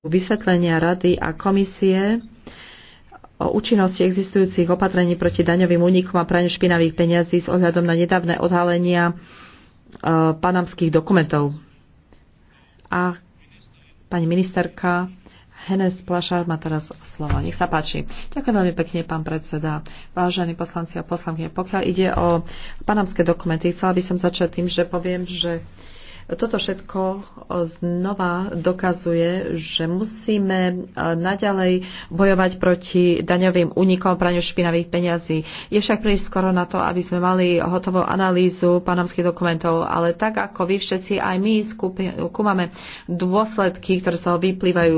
vysvetlenia rady a komisie o účinnosti existujúcich opatrení proti daňovým únikom a praniu špinavých peňazí s ohľadom na nedávne odhalenia e, panamských dokumentov. A pani ministerka Henes Plašár má teraz slovo. Nech sa páči. Ďakujem veľmi pekne, pán predseda. Vážení poslanci a poslanky, pokiaľ ide o panamské dokumenty, chcela by som začať tým, že poviem, že uh, toto všetko e, znova dokazuje, že musíme e, naďalej bojovať proti daňovým únikom praniu špinavých peňazí. Je však príliš skoro na to, aby sme mali hotovú analýzu panamských dokumentov, ale tak ako vy všetci, aj my kúmame dôsledky, ktoré sa vyplývajú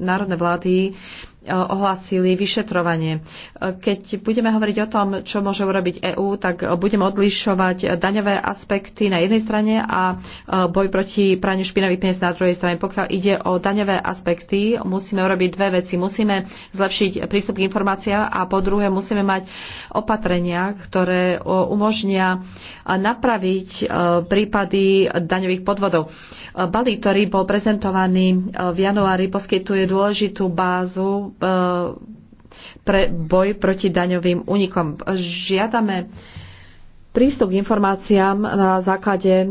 národné vlády ohlasili vyšetrovanie. Keď budeme hovoriť o tom, čo môže urobiť EÚ, tak budeme odlišovať daňové aspekty na jednej strane a e, boj proti praniu špinavých peniaz na druhej strane. Pokiaľ ide o daňové aspekty, musíme urobiť dve veci. Musíme zlepšiť prístup k informáciám a po druhé musíme mať opatrenia, ktoré e, umožnia napraviť e, prípady daňových podvodov. E, balík, ktorý bol prezentovaný e, v januári, poskytuje dôležitú bázu pre boj proti daňovým únikom. Žiadame prístup k informáciám na základe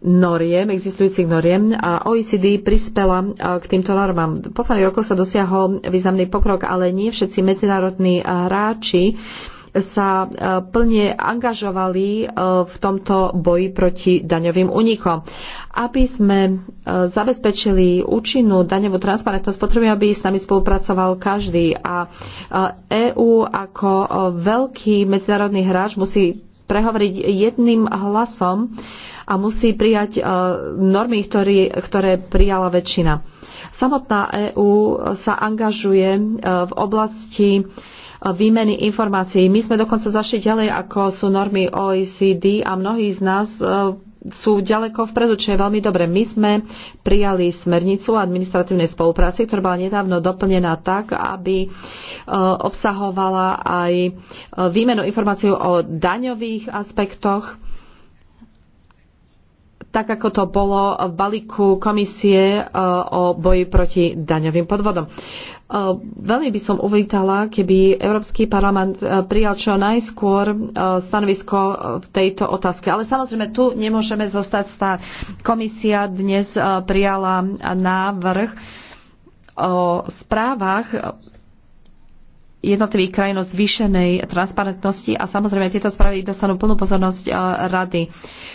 noriem, existujúcich noriem a OECD prispela k týmto normám. V posledných rokoch sa dosiahol významný pokrok, ale nie všetci medzinárodní hráči sa e, plne angažovali e, v tomto boji proti daňovým únikom. Aby sme e, zabezpečili účinnú daňovú transparentnosť, potrebujeme, aby s nami spolupracoval každý. A EÚ ako veľký medzinárodný hráč musí prehovoriť jedným hlasom a musí prijať normy, ktorý, ktoré prijala väčšina. Samotná EÚ sa angažuje v oblasti výmeny informácií. My sme dokonca zašli ďalej, ako sú normy OECD a mnohí z nás e, sú ďaleko vpredu, čo je veľmi dobre. My sme prijali smernicu administratívnej spolupráci, ktorá bola nedávno doplnená tak, aby e, obsahovala aj e, výmenu informácií o daňových aspektoch tak ako to bolo v balíku komisie o boji proti daňovým podvodom. E, veľmi by som uvítala, keby Európsky parlament e, prijal čo najskôr e, stanovisko v tejto otázke. Ale samozrejme, tu nemôžeme zostať stáť. Komisia dnes prijala návrh o správach jednotlivých krajín o zvýšenej transparentnosti a samozrejme tieto správy dostanú plnú pozornosť rady.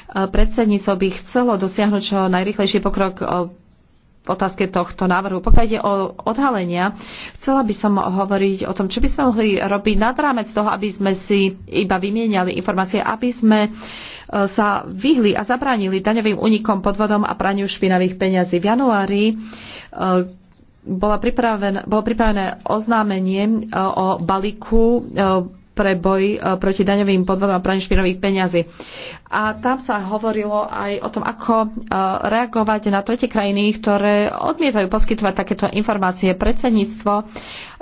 Predsedníctvo by chcelo dosiahnuť čo najrychlejší pokrok v otázke tohto návrhu. Pokiaľ ide o odhalenia, chcela by som hovoriť o tom, čo by sme mohli robiť nad rámec toho, aby sme si iba vymieniali informácie, aby sme e, sa vyhli a zabránili daňovým únikom, podvodom a praniu špinavých peňazí. V januári e, bola pripraven, bolo pripravené oznámenie e, o balíku pre boj e, proti daňovým podvodom a praní špinových peňazí. A tam sa hovorilo aj o tom, ako e, reagovať na tretie krajiny, ktoré odmietajú poskytovať takéto informácie. Predsedníctvo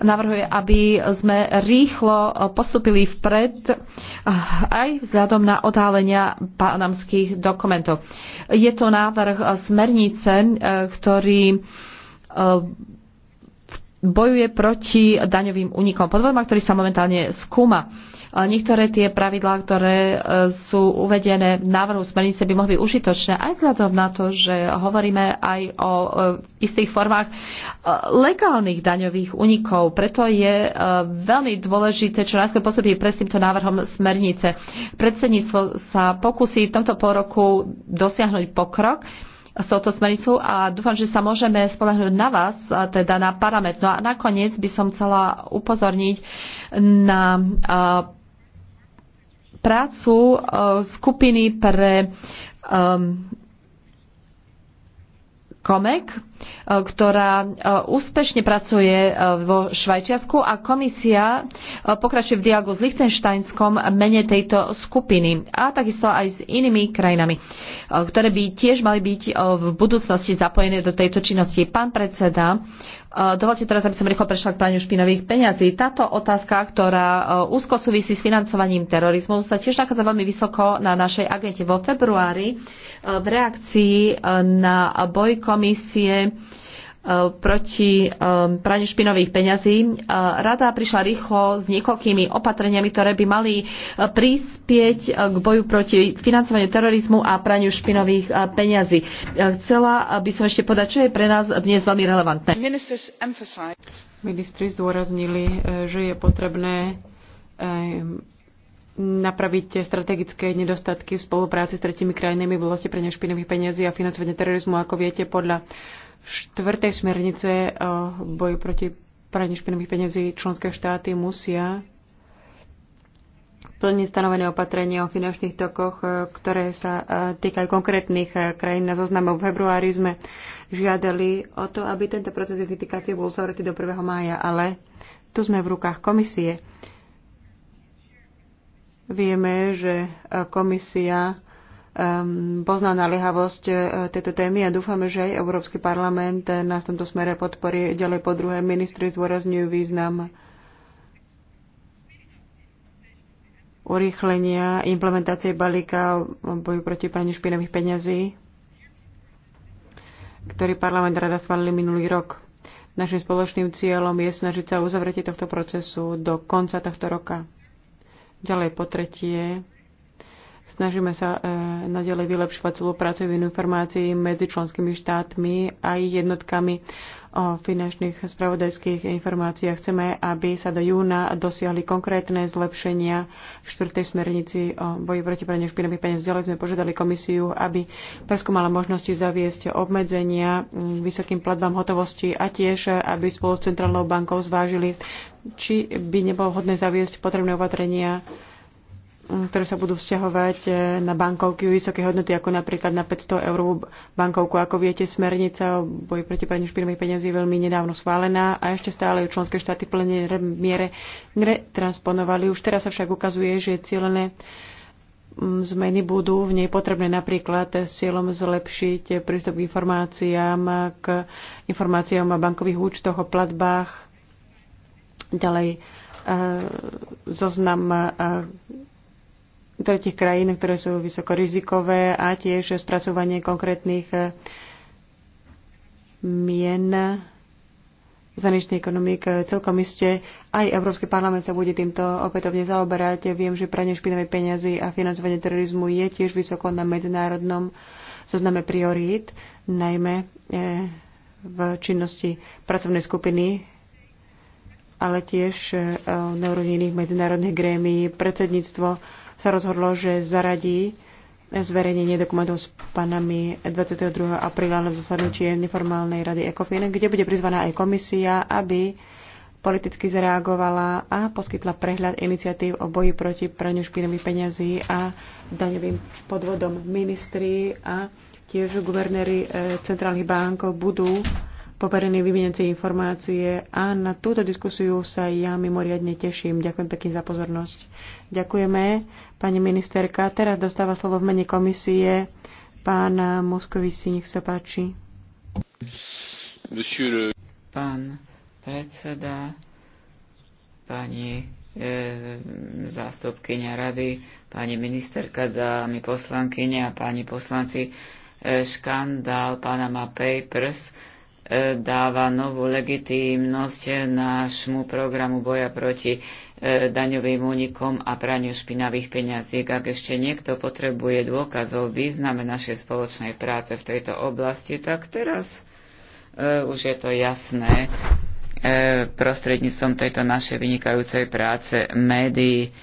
navrhuje, aby sme rýchlo e, postupili vpred aj vzhľadom na odhalenia panamských dokumentov. Je to návrh smernice, ktorý bojuje proti daňovým únikom podvodom, ktorý sa momentálne skúma. Niektoré tie pravidlá, ktoré e, sú uvedené v návrhu smernice, by mohli byť užitočné aj vzhľadom na to, že hovoríme aj o e, istých formách e, legálnych daňových únikov. Preto je veľmi dôležité, čo najskôr pôsobí pred týmto návrhom smernice. Predsedníctvo sa pokusí v tomto poroku dosiahnuť pokrok s touto smernicou a dúfam, že sa môžeme spolahnúť na vás, teda na parlament. No a nakoniec by som chcela upozorniť na prácu skupiny pre um, COMEC, Eh, ktorá eh, úspešne pracuje eh, vo Švajčiarsku a komisia pokračuje v dialogu s Lichtensteinskom mene tejto skupiny a takisto aj s inými krajinami, ktoré by tiež mali byť v budúcnosti zapojené do tejto činnosti. Pán predseda, Eh, dovolte teraz, aby som rýchlo prešla k praniu špinových peňazí. Táto otázka, ktorá eh, úzko súvisí s financovaním terorizmu, sa tiež nachádza veľmi vysoko na našej agente. Vo februári eh, v reakcii na boj komisie Eh, proti eh, praniu špinových peňazí. Eh, rada prišla rýchlo s niekoľkými opatreniami, ktoré by mali prispieť k boju proti financovaniu terorizmu a praniu špinových peňazí. Chcela by som ešte podať, čo je pre nás dnes veľmi relevantné. Ministri zdôraznili, že je potrebné napraviť strategické nedostatky v spolupráci s tretimi krajinami v oblasti prania špinových peniazí a financovania terorizmu. Ako viete, podľa štvrtej smernice o eh, boju proti praní špinavých peniazí členské štáty musia plne stanovené opatrenie o finančných tokoch, eh, ktoré sa eh, týkajú konkrétnych krajín na zoznamu. V februári sme žiadali o to, aby tento proces identifikácie bol uzavretý do 1. mája, ale tu sme v rukách komisie. Vieme, že komisia Ehm, pozná naliehavosť e, tejto témy a dúfame, že aj Európsky parlament nás v tomto smere podporí. Ďalej po druhé, ministri zdôrazňujú význam urýchlenia implementácie balíka o boju proti praniu špinavých peňazí, ktorý parlament rada schválili minulý rok. Našim spoločným cieľom je snažiť sa uzavretie tohto procesu do konca tohto roka. Ďalej po tretie, Snažíme sa e, nadalej vylepšovať spoluprácu informácií medzi členskými štátmi a ich jednotkami o finančných spravodajských informáciách. Chceme, aby sa do júna dosiahli konkrétne zlepšenia v štvrtej smernici o boji proti praniu špinavých peniaz. Ďalej sme požiadali komisiu, aby preskúmala možnosti zaviesť obmedzenia k vysokým platbám hotovosti a tiež, aby spolu s Centrálnou bankou zvážili, či by nebolo vhodné zaviesť potrebné opatrenia ktoré sa budú vzťahovať e, na bankovky vysoké hodnoty, ako napríklad na 500 eur bankovku. Ako viete, smernica o boji proti praniu špinavých peniazí je veľmi nedávno schválená a ešte stále ju členské štáty plne miere netransponovali. Už teraz sa však ukazuje, že cieľené zmeny budú v nej potrebné napríklad s cieľom zlepšiť prístup k informáciám, k informáciám o bankových účtoch, o platbách, ďalej e, zoznam e, tretich krajín, ktoré sú vysokorizikové a tiež spracovanie konkrétnych eh, mien zahraničných ekonomik, Celkom iste aj Európsky parlament sa bude týmto opätovne zaoberať. Viem, že pranie špinavej peniazy a financovanie terorizmu je tiež vysoko na medzinárodnom zozname priorít, najmä eh, v činnosti pracovnej skupiny, ale tiež eh, na úrovni iných medzinárodných grémií, predsedníctvo sa rozhodlo, že zaradí zverejnenie dokumentov s panami 22. apríla na zasadnutí neformálnej rady ECOFIN, kde bude prizvaná aj komisia, aby politicky zareagovala a poskytla prehľad iniciatív o boji proti praniu špinavých peňazí a daňovým podvodom. Ministri a tiež guvernéri e, centrálnych bankov budú poverený vyvinenci informácie a na túto diskusiu sa ja mimoriadne teším. Ďakujem pekne za pozornosť. Ďakujeme, pani ministerka. Teraz dostáva slovo v mene komisie pána Moskovici, nech sa páči. Pán predseda, pani e, zástupkynia rady, pani ministerka, dámy poslankyne a páni poslanci, e, škandál Panama Papers E, dáva novú legitímnosť nášmu programu boja proti e, daňovým únikom a praniu špinavých peňazí. Ak ešte niekto potrebuje dôkazov význame našej spoločnej práce v tejto oblasti, tak teraz e, už je to jasné prostredníctvom tejto našej vynikajúcej práce médií.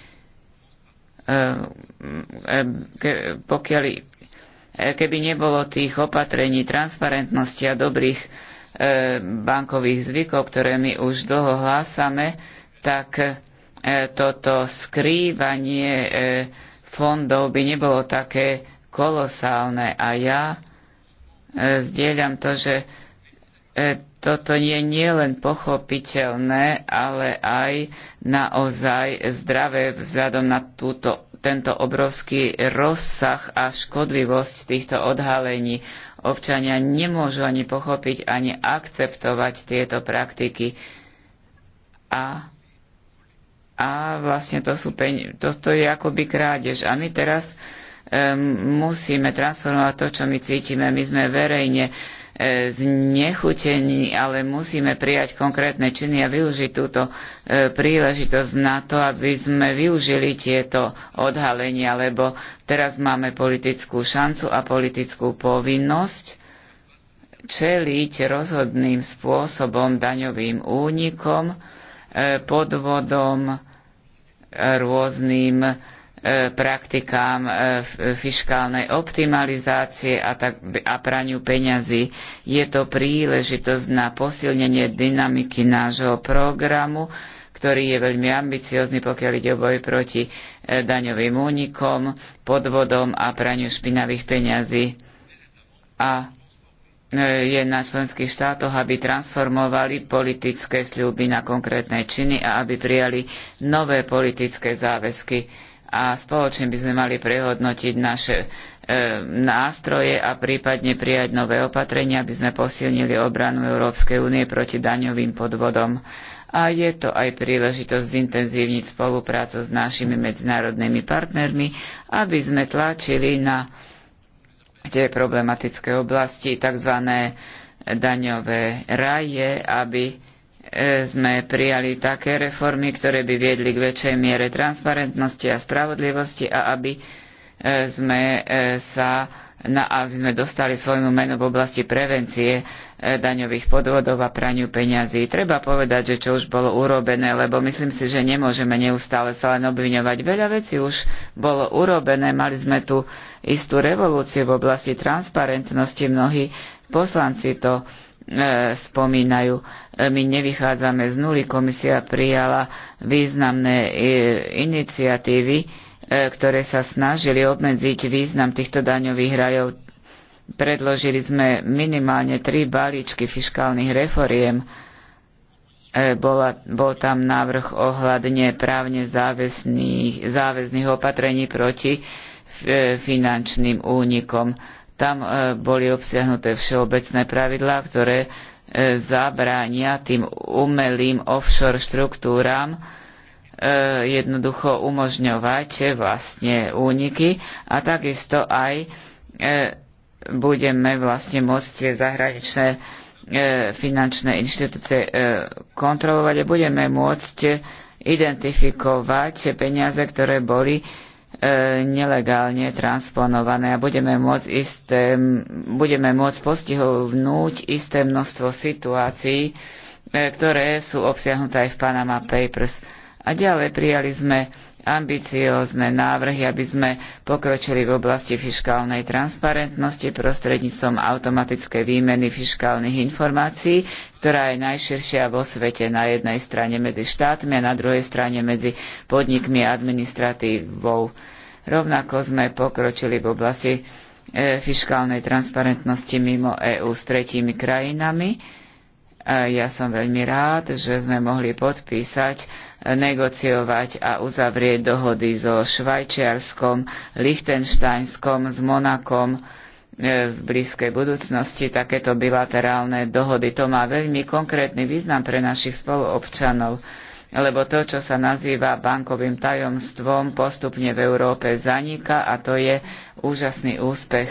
pokiaľ, keby nebolo tých opatrení transparentnosti a dobrých E, bankových zvykov, ktoré my už dlho hlásame, tak e, toto skrývanie e, fondov by nebolo také kolosálne. A ja zdieľam to, že toto je nielen pochopiteľné, ale aj naozaj zdravé vzhľadom na túto, tento obrovský rozsah a škodlivosť týchto odhalení občania nemôžu ani pochopiť, ani akceptovať tieto praktiky. A, a vlastne to, sú peň, to, to je akoby krádež. A my teraz um, musíme transformovať to, čo my cítime. My sme verejne E, znechutení, ale musíme prijať konkrétne činy a využiť túto e, príležitosť na to, aby sme využili tieto odhalenia, lebo teraz máme politickú šancu a politickú povinnosť čeliť rozhodným spôsobom daňovým únikom, e, podvodom, rôznym E, praktikám e, fiškálnej optimalizácie a, tak, a praniu peňazí. Je to príležitosť na posilnenie dynamiky nášho programu, ktorý je veľmi ambiciózny, pokiaľ ide o boj proti e, daňovým únikom, podvodom a praniu špinavých peňazí. A je na členských štátoch, aby transformovali politické sľuby na konkrétne činy a aby prijali nové politické záväzky a spoločne by sme mali prehodnotiť naše e, nástroje a prípadne prijať nové opatrenia, aby sme posilnili obranu Európskej únie proti daňovým podvodom. A je to aj príležitosť zintenzívniť spoluprácu s našimi medzinárodnými partnermi, aby sme tlačili na tie problematické oblasti, tzv. daňové raje, aby sme prijali také reformy, ktoré by viedli k väčšej miere transparentnosti a spravodlivosti a aby e, sme e, sa na, aby sme dostali svojmu menu v oblasti prevencie e, daňových podvodov a praniu peňazí. Treba povedať, že čo už bolo urobené, lebo myslím si, že nemôžeme neustále sa len obviňovať. Veľa vecí už bolo urobené, mali sme tu istú revolúciu v oblasti transparentnosti, mnohí poslanci to E, spomínajú. E, my nevychádzame z nuly, komisia prijala významné e, iniciatívy, ktoré sa snažili obmedziť význam týchto daňových rajov. Predložili sme minimálne tri balíčky fiškálnych reforiem. Bola, bol tam návrh ohľadne právne záväzných, záväzných opatrení proti finančným únikom tam e, boli obsiahnuté všeobecné pravidlá, ktoré e, zabránia tým umelým offshore štruktúram e, jednoducho umožňovať vlastne úniky a takisto aj budeme vlastne môcť tie zahraničné finančné inštitúcie kontrolovať a budeme môcť identifikovať peniaze, ktoré boli E, nelegálne transponované a budeme môcť, isté, budeme môcť postihovnúť isté množstvo situácií, e, ktoré sú obsiahnuté aj v Panama Papers. A ďalej prijali sme ambiciózne návrhy, aby sme pokročili v oblasti fiškálnej transparentnosti prostredníctvom automatickej výmeny fiškálnych informácií, ktorá je najširšia vo svete na jednej strane medzi štátmi a na druhej strane medzi podnikmi a administratívou. Rovnako sme pokročili v oblasti e, fiškálnej transparentnosti mimo EÚ s tretími krajinami ja som veľmi rád, že sme mohli podpísať, negociovať a uzavrieť dohody so Švajčiarskom, Lichtenštajnskom, s Monakom e, v blízkej budúcnosti takéto bilaterálne dohody. To má veľmi konkrétny význam pre našich spoluobčanov, lebo to, čo sa nazýva bankovým tajomstvom, postupne v Európe zaniká a to je úžasný úspech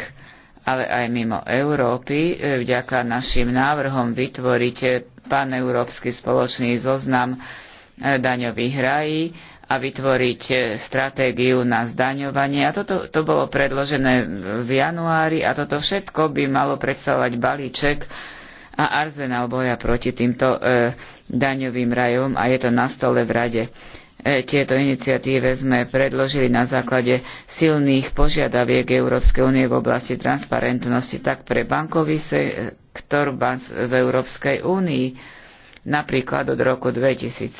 ale aj mimo Európy e, vďaka našim návrhom vytvoriť e, paneurópsky spoločný zoznam e, daňových rají a vytvoriť stratégiu na zdaňovanie. A toto to bolo predložené v januári a toto všetko by malo predstavovať balíček a arzenál boja proti týmto e, daňovým rajom a je to na stole v rade. E, tieto iniciatíve sme predložili na základe silných požiadaviek Európskej únie v oblasti transparentnosti tak pre bankový sektor v Európskej únii. Napríklad od roku 2017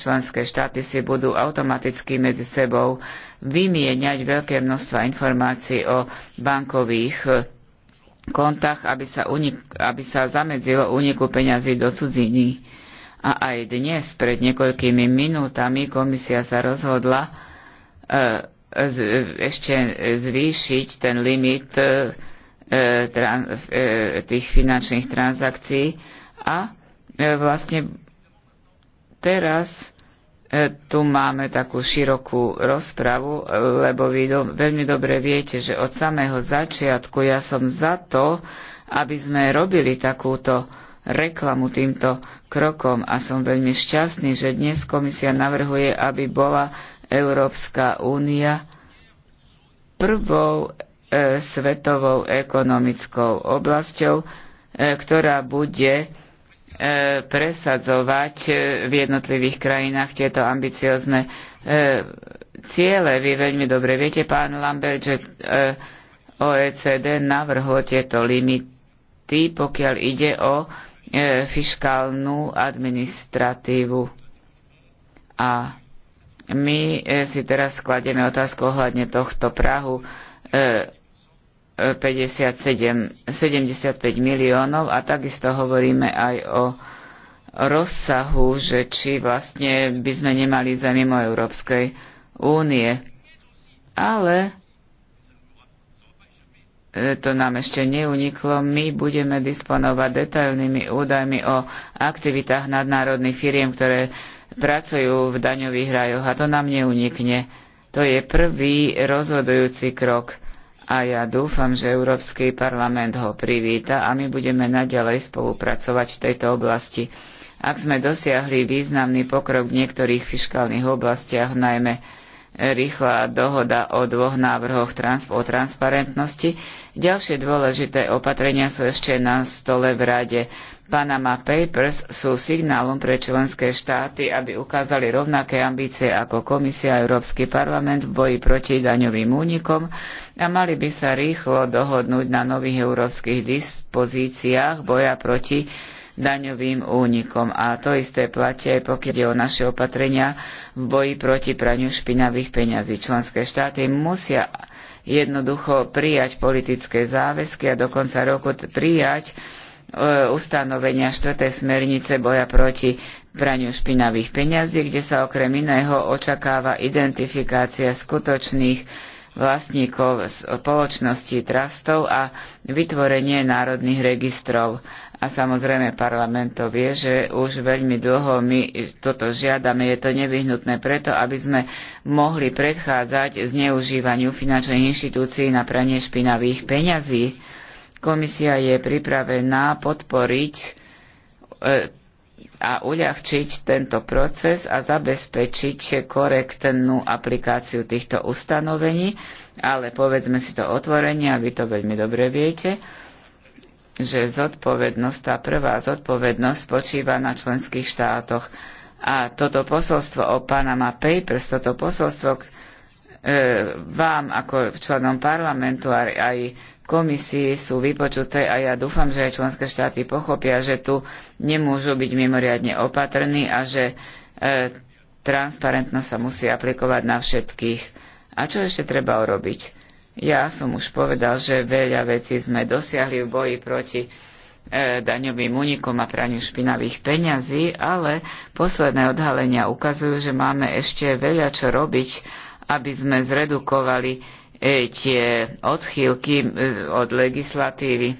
členské štáty si budú automaticky medzi sebou vymieňať veľké množstva informácií o bankových e, kontách, aby sa, unik- aby sa zamedzilo úniku peňazí do cudziny a aj dnes, pred niekoľkými minútami, komisia sa rozhodla e, ešte zvýšiť ten limit e, e, tých finančných transakcií a vlastne teraz tu máme takú širokú rozpravu, lebo vy do, veľmi dobre viete, že od samého začiatku ja som za to, aby sme robili takúto reklamu týmto krokom a som veľmi šťastný, že dnes komisia navrhuje, aby bola Európska únia prvou e, svetovou ekonomickou oblasťou, e, ktorá bude e, presadzovať e, v jednotlivých krajinách tieto ambiciozne e, ciele. Vy veľmi dobre viete, pán Lambert, že e, OECD navrhlo tieto limity, pokiaľ ide o E, fiškálnu administratívu. A my e, si teraz skladieme otázku ohľadne tohto Prahu 57, e, 75 miliónov a takisto hovoríme aj o rozsahu, že či vlastne by sme nemali za mimo Európskej únie. Ale E, to nám ešte neuniklo, my budeme disponovať detailnými údajmi o aktivitách nadnárodných firiem, ktoré pracujú v daňových rajoch a to nám neunikne. To je prvý rozhodujúci krok a ja dúfam, že Európsky parlament ho privíta a my budeme naďalej spolupracovať v tejto oblasti. Ak sme dosiahli významný pokrok v niektorých fiškálnych oblastiach, najmä rýchla dohoda o dvoch návrhoch trans- o transparentnosti. Ďalšie dôležité opatrenia sú ešte na stole v Rade. Panama Papers sú signálom pre členské štáty, aby ukázali rovnaké ambície ako Komisia a Európsky parlament v boji proti daňovým únikom a mali by sa rýchlo dohodnúť na nových európskych dispozíciách boja proti daňovým únikom. A to isté platí aj pokiaľ ide o naše opatrenia v boji proti praniu špinavých peňazí. Členské štáty musia jednoducho prijať politické záväzky a do konca roku prijať e, ustanovenia štvrtej smernice boja proti praniu špinavých peňazí, kde sa okrem iného očakáva identifikácia skutočných vlastníkov spoločnosti trastov a vytvorenie národných registrov a samozrejme parlament to vie, že už veľmi dlho my toto žiadame. Je to nevyhnutné preto, aby sme mohli predchádzať zneužívaniu finančných inštitúcií na pranie špinavých peňazí. Komisia je pripravená podporiť e, a uľahčiť tento proces a zabezpečiť korektnú aplikáciu týchto ustanovení, ale povedzme si to otvorenie a vy to veľmi dobre viete že zodpovednosť, tá prvá zodpovednosť spočíva na členských štátoch. A toto posolstvo o Panama Papers, toto posolstvo e, vám ako členom parlamentu a aj komisii sú vypočuté a ja dúfam, že aj členské štáty pochopia, že tu nemôžu byť mimoriadne opatrní a že e, transparentnosť sa musí aplikovať na všetkých. A čo ešte treba urobiť? Ja som už povedal, že veľa vecí sme dosiahli v boji proti e, daňovým únikom a praniu špinavých peňazí, ale posledné odhalenia ukazujú, že máme ešte veľa čo robiť, aby sme zredukovali e, tie odchýlky od legislatívy.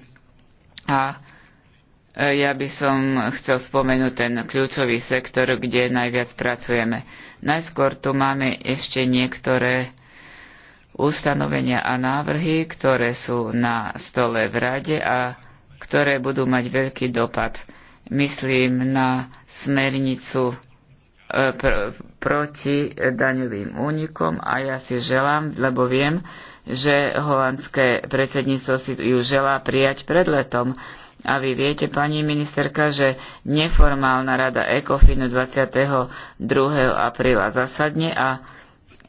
A e, ja by som chcel spomenúť ten kľúčový sektor, kde najviac pracujeme. Najskôr tu máme ešte niektoré ustanovenia a návrhy, ktoré sú na stole v rade a ktoré budú mať veľký dopad. Myslím na smernicu e, pr- proti daňovým únikom a ja si želám, lebo viem, že holandské predsedníctvo si ju želá prijať pred letom. A vy viete, pani ministerka, že neformálna rada ECOFINu 22. apríla zasadne a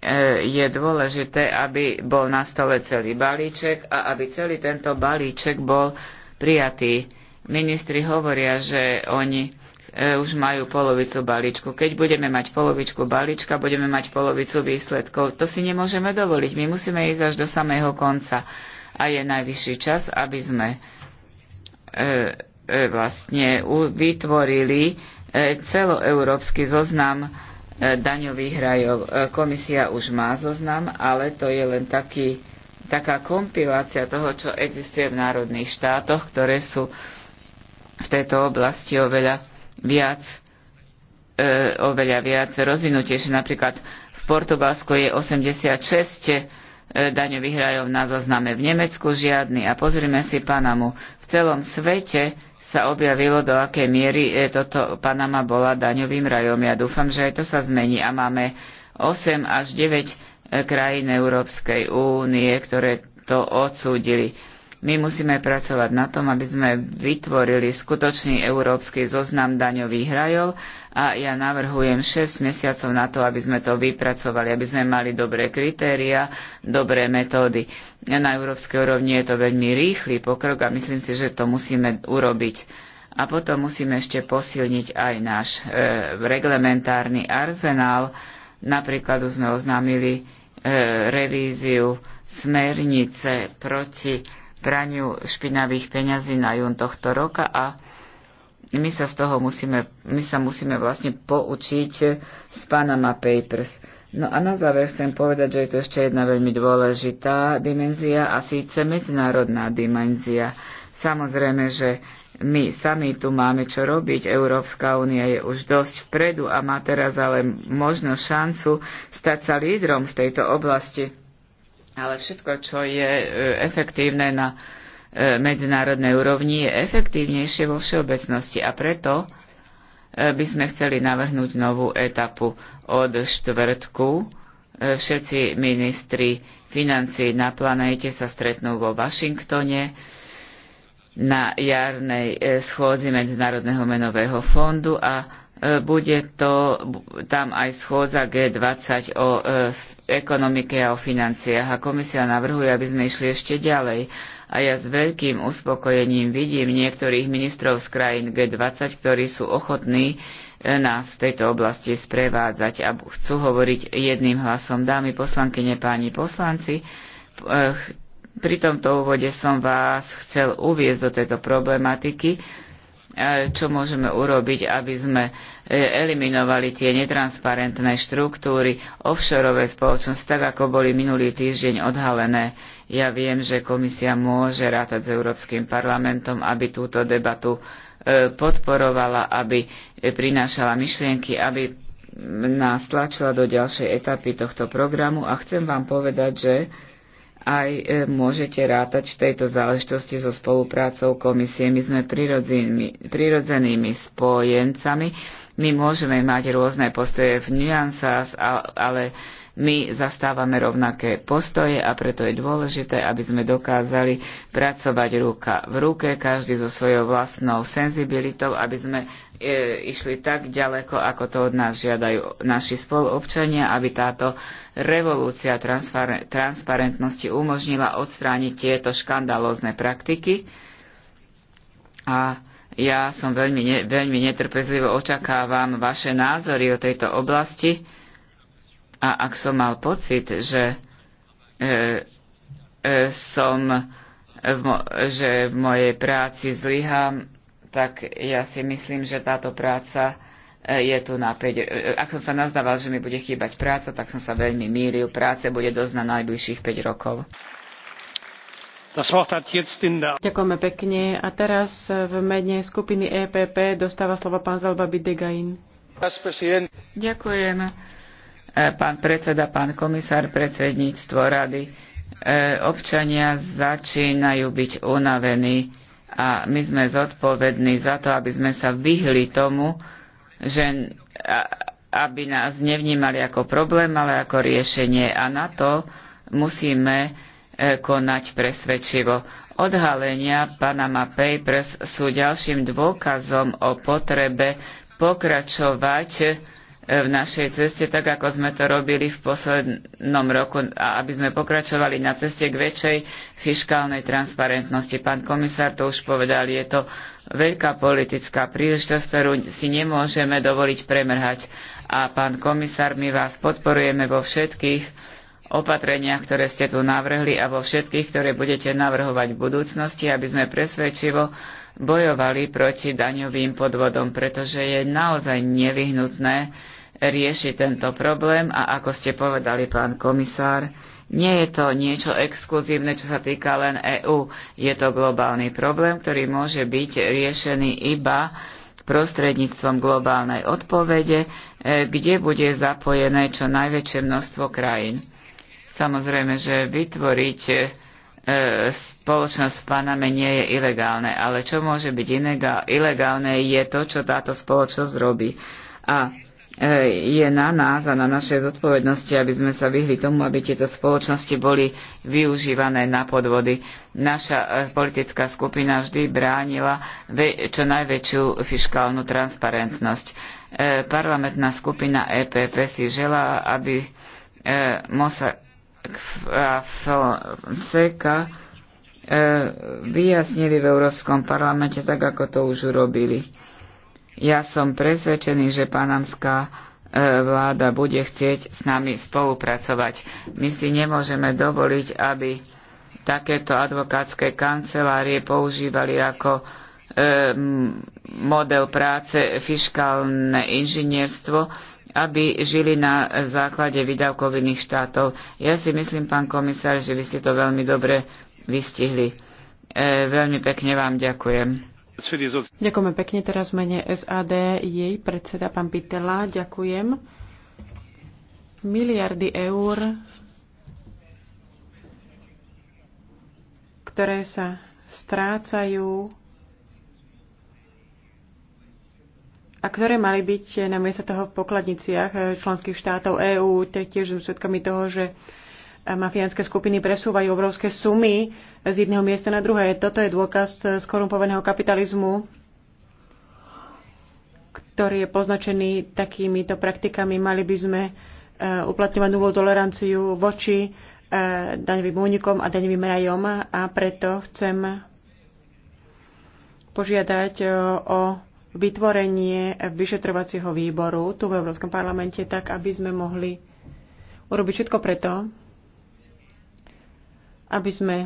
E, je dôležité, aby bol na stole celý balíček a aby celý tento balíček bol prijatý. Ministri hovoria, že oni e, už majú polovicu balíčku. Keď budeme mať polovičku balíčka, budeme mať polovicu výsledkov. To si nemôžeme dovoliť. My musíme ísť až do samého konca. A je najvyšší čas, aby sme e, e, vlastne vytvorili e, celoeurópsky zoznam E, daňových rajov. E, komisia už má zoznam, ale to je len taký, taká kompilácia toho, čo existuje v národných štátoch, ktoré sú v tejto oblasti oveľa viac, e, oveľa viac rozvinutejšie. Napríklad v Portugalsku je 86 daňových rajov na zozname v Nemecku žiadny. A pozrime si Panamu. V celom svete sa objavilo, do akej miery e, toto Panama bola daňovým rajom. Ja dúfam, že aj to sa zmení a máme 8 až 9 e, krajín Európskej únie, ktoré to odsúdili. My musíme pracovať na tom, aby sme vytvorili skutočný európsky zoznam daňových rajov a ja navrhujem 6 mesiacov na to, aby sme to vypracovali, aby sme mali dobré kritéria, dobré metódy. Na európskej úrovni je to veľmi rýchly pokrok a myslím si, že to musíme urobiť. A potom musíme ešte posilniť aj náš e, reglementárny arzenál. Napríklad už sme oznámili e, revíziu smernice proti praniu špinavých peňazí na jún tohto roka a my sa z toho musíme, my sa musíme vlastne poučiť z Panama Papers. No a na záver chcem povedať, že je to ešte jedna veľmi dôležitá dimenzia a síce medzinárodná dimenzia. Samozrejme, že my sami tu máme čo robiť. Európska únia je už dosť vpredu a má teraz ale možno šancu stať sa lídrom v tejto oblasti ale všetko, čo je e, efektívne na e, medzinárodnej úrovni, je efektívnejšie vo všeobecnosti a preto e, by sme chceli navrhnúť novú etapu od štvrtku. Všetci ministri financí na planéte sa stretnú vo Washingtone na jarnej schôdzi Medzinárodného menového fondu a bude to tam aj schôdza G20 o ekonomike a o financiách a komisia navrhuje, aby sme išli ešte ďalej. A ja s veľkým uspokojením vidím niektorých ministrov z krajín G20, ktorí sú ochotní e, nás v tejto oblasti sprevádzať a chcú hovoriť jedným hlasom. Dámy poslankyne, páni poslanci, e, pri tomto úvode som vás chcel uviezť do tejto problematiky, e, čo môžeme urobiť, aby sme E, eliminovali tie netransparentné štruktúry, offshore spoločnosti, tak ako boli minulý týždeň odhalené. Ja viem, že komisia môže rátať s Európskym parlamentom, aby túto debatu e, podporovala, aby e, prinášala myšlienky, aby nás tlačila do ďalšej etapy tohto programu a chcem vám povedať, že aj môžete rátať v tejto záležitosti so spoluprácou komisie. My sme prirodzenými spojencami my môžeme mať rôzne postoje v nuansách, ale my zastávame rovnaké postoje a preto je dôležité, aby sme dokázali pracovať ruka v ruke, každý so svojou vlastnou senzibilitou, aby sme e, išli tak ďaleko, ako to od nás žiadajú naši spoluobčania, aby táto revolúcia transparentnosti umožnila odstrániť tieto škandalózne praktiky. A ja som veľmi, ne, veľmi netrpezlivo očakávam vaše názory o tejto oblasti a ak som mal pocit, že e, e, som v mo- že v mojej práci zlyhám, tak ja si myslím, že táto práca e, je tu na 5... E, ak som sa nazdával, že mi bude chýbať práca, tak som sa veľmi míril. Práce bude dosť na najbližších 5 rokov. Ďakujeme pekne. A teraz v mene skupiny EPP dostáva slovo pán Zalbabi Degain. Ďakujem, e, pán predseda, pán komisár, predsedníctvo rady. E, občania začínajú byť unavení a my sme zodpovední za to, aby sme sa vyhli tomu, že aby nás nevnímali ako problém, ale ako riešenie. A na to musíme konať presvedčivo. Odhalenia Panama Papers sú ďalším dôkazom o potrebe pokračovať e, v našej ceste, tak ako sme to robili v poslednom roku, a aby sme pokračovali na ceste k väčšej fiskálnej transparentnosti. Pán komisár to už povedal, je to veľká politická príležitosť, ktorú si nemôžeme dovoliť premrhať. A pán komisár, my vás podporujeme vo všetkých opatreniach, ktoré ste tu navrhli a vo všetkých, ktoré budete navrhovať v budúcnosti, aby sme presvedčivo bojovali proti daňovým podvodom, pretože je naozaj nevyhnutné riešiť tento problém a ako ste povedali, pán komisár, nie je to niečo exkluzívne, čo sa týka len EÚ. Je to globálny problém, ktorý môže byť riešený iba prostredníctvom globálnej odpovede, e, kde bude zapojené čo najväčšie množstvo krajín. Samozrejme, že vytvoriť e, spoločnosť v Paname nie je ilegálne, ale čo môže byť ilegálne je to, čo táto spoločnosť robí. A e, je na nás a na našej zodpovednosti, aby sme sa vyhli tomu, aby tieto spoločnosti boli využívané na podvody. Naša e, politická skupina vždy bránila čo najväčšiu fiskálnu transparentnosť. E, parlamentná skupina EPP si želá, aby Mosa Seka e, vyjasnili v Európskom parlamente, tak ako to už urobili. Ja som presvedčený, že panamská e, vláda bude chcieť s nami spolupracovať. My si nemôžeme dovoliť, aby takéto advokátske kancelárie používali ako e, model práce fiskálne inžinierstvo, aby žili na základe výdavkov iných štátov. Ja si myslím, pán komisár, že vy ste to veľmi dobre vystihli. E, veľmi pekne vám ďakujem. Ďakujeme pekne. Teraz v mene SAD jej predseda pán Pitela. Ďakujem. Miliardy eur, ktoré sa strácajú a ktoré mali byť na miesto toho v pokladniciach eh, členských štátov EÚ. Tiež sú svetkami toho, že eh, mafiánske skupiny presúvajú obrovské sumy eh, z jedného miesta na druhé. Toto je dôkaz skorumpovaného kapitalizmu, ktorý je poznačený takýmito praktikami. Mali by sme uplatňovať nulú toleranciu voči daňovým únikom a daňovým rajom a preto chcem požiadať o vytvorenie vyšetrovacieho výboru tu v Európskom parlamente, tak aby sme mohli urobiť všetko preto, aby sme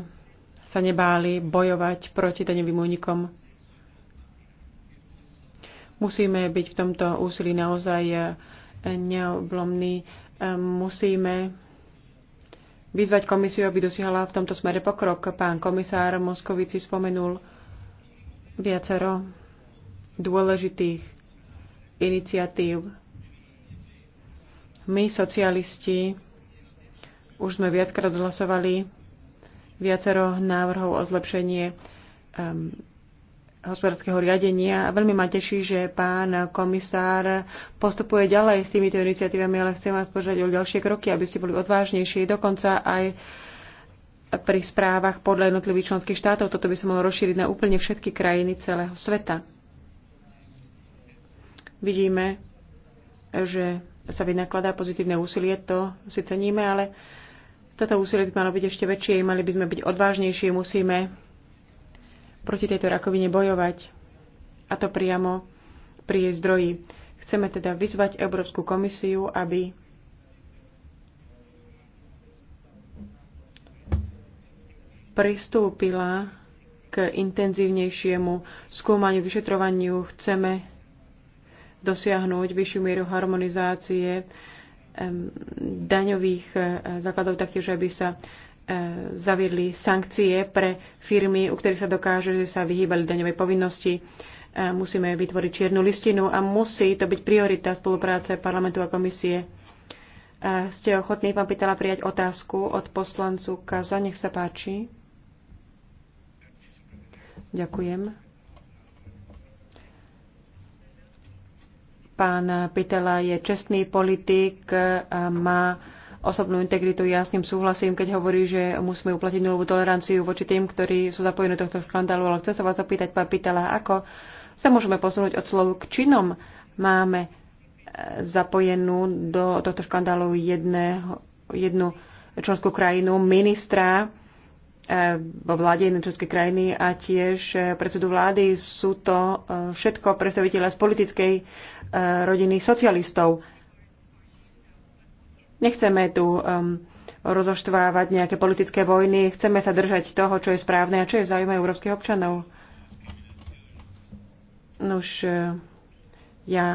sa nebáli bojovať proti daňovým únikom. Musíme byť v tomto úsilí naozaj neoblomní. Musíme vyzvať komisiu, aby dosiahla v tomto smere pokrok. Pán komisár Moskovici spomenul viacero dôležitých iniciatív. My, socialisti, už sme viackrát odhlasovali viacero návrhov o zlepšenie um, hospodárskeho riadenia a veľmi ma teší, že pán komisár postupuje ďalej s týmito iniciatívami, ale chcem vás požiadať o ďalšie kroky, aby ste boli odvážnejší, dokonca aj pri správach podľa jednotlivých členských štátov. Toto by sa malo rozšíriť na úplne všetky krajiny celého sveta. Vidíme, že sa vynakladá pozitívne úsilie, to si ceníme, ale toto úsilie by malo byť ešte väčšie, mali by sme byť odvážnejší, musíme proti tejto rakovine bojovať. A to priamo pri jej zdroji. Chceme teda vyzvať Európsku komisiu, aby pristúpila k intenzívnejšiemu skúmaniu, vyšetrovaniu. Chceme dosiahnuť vyššiu mieru harmonizácie daňových e, základov, taktiež aby sa e, zaviedli sankcie pre firmy, u ktorých sa dokáže, že sa vyhýbali daňovej povinnosti. E, musíme vytvoriť čiernu listinu a musí to byť priorita spolupráce parlamentu a komisie. Ste ochotní, pán pytala prijať otázku od poslancu Kaza. Nech sa páči. Ďakujem. Pán Pitela je čestný politik, e, má osobnú integritu. Ja s ním súhlasím, keď hovorí, že musíme uplatiť nulovú toleranciu voči tým, ktorí sú zapojení do tohto škandálu. Ale chcem sa vás opýtať, pán Pitela, ako sa môžeme posunúť od slov k činom? Máme e, zapojenú do tohto škandálu jedného, jednu členskú krajinu, ministra vo vláde jednej českej krajiny a tiež e, predsedu vlády. Sú to e, všetko predstaviteľa z politickej e, rodiny socialistov. Nechceme tu rozoštvávať nejaké politické vojny, chceme sa držať toho, čo je správne a čo je v záujme európskych občanov. Nuž, ja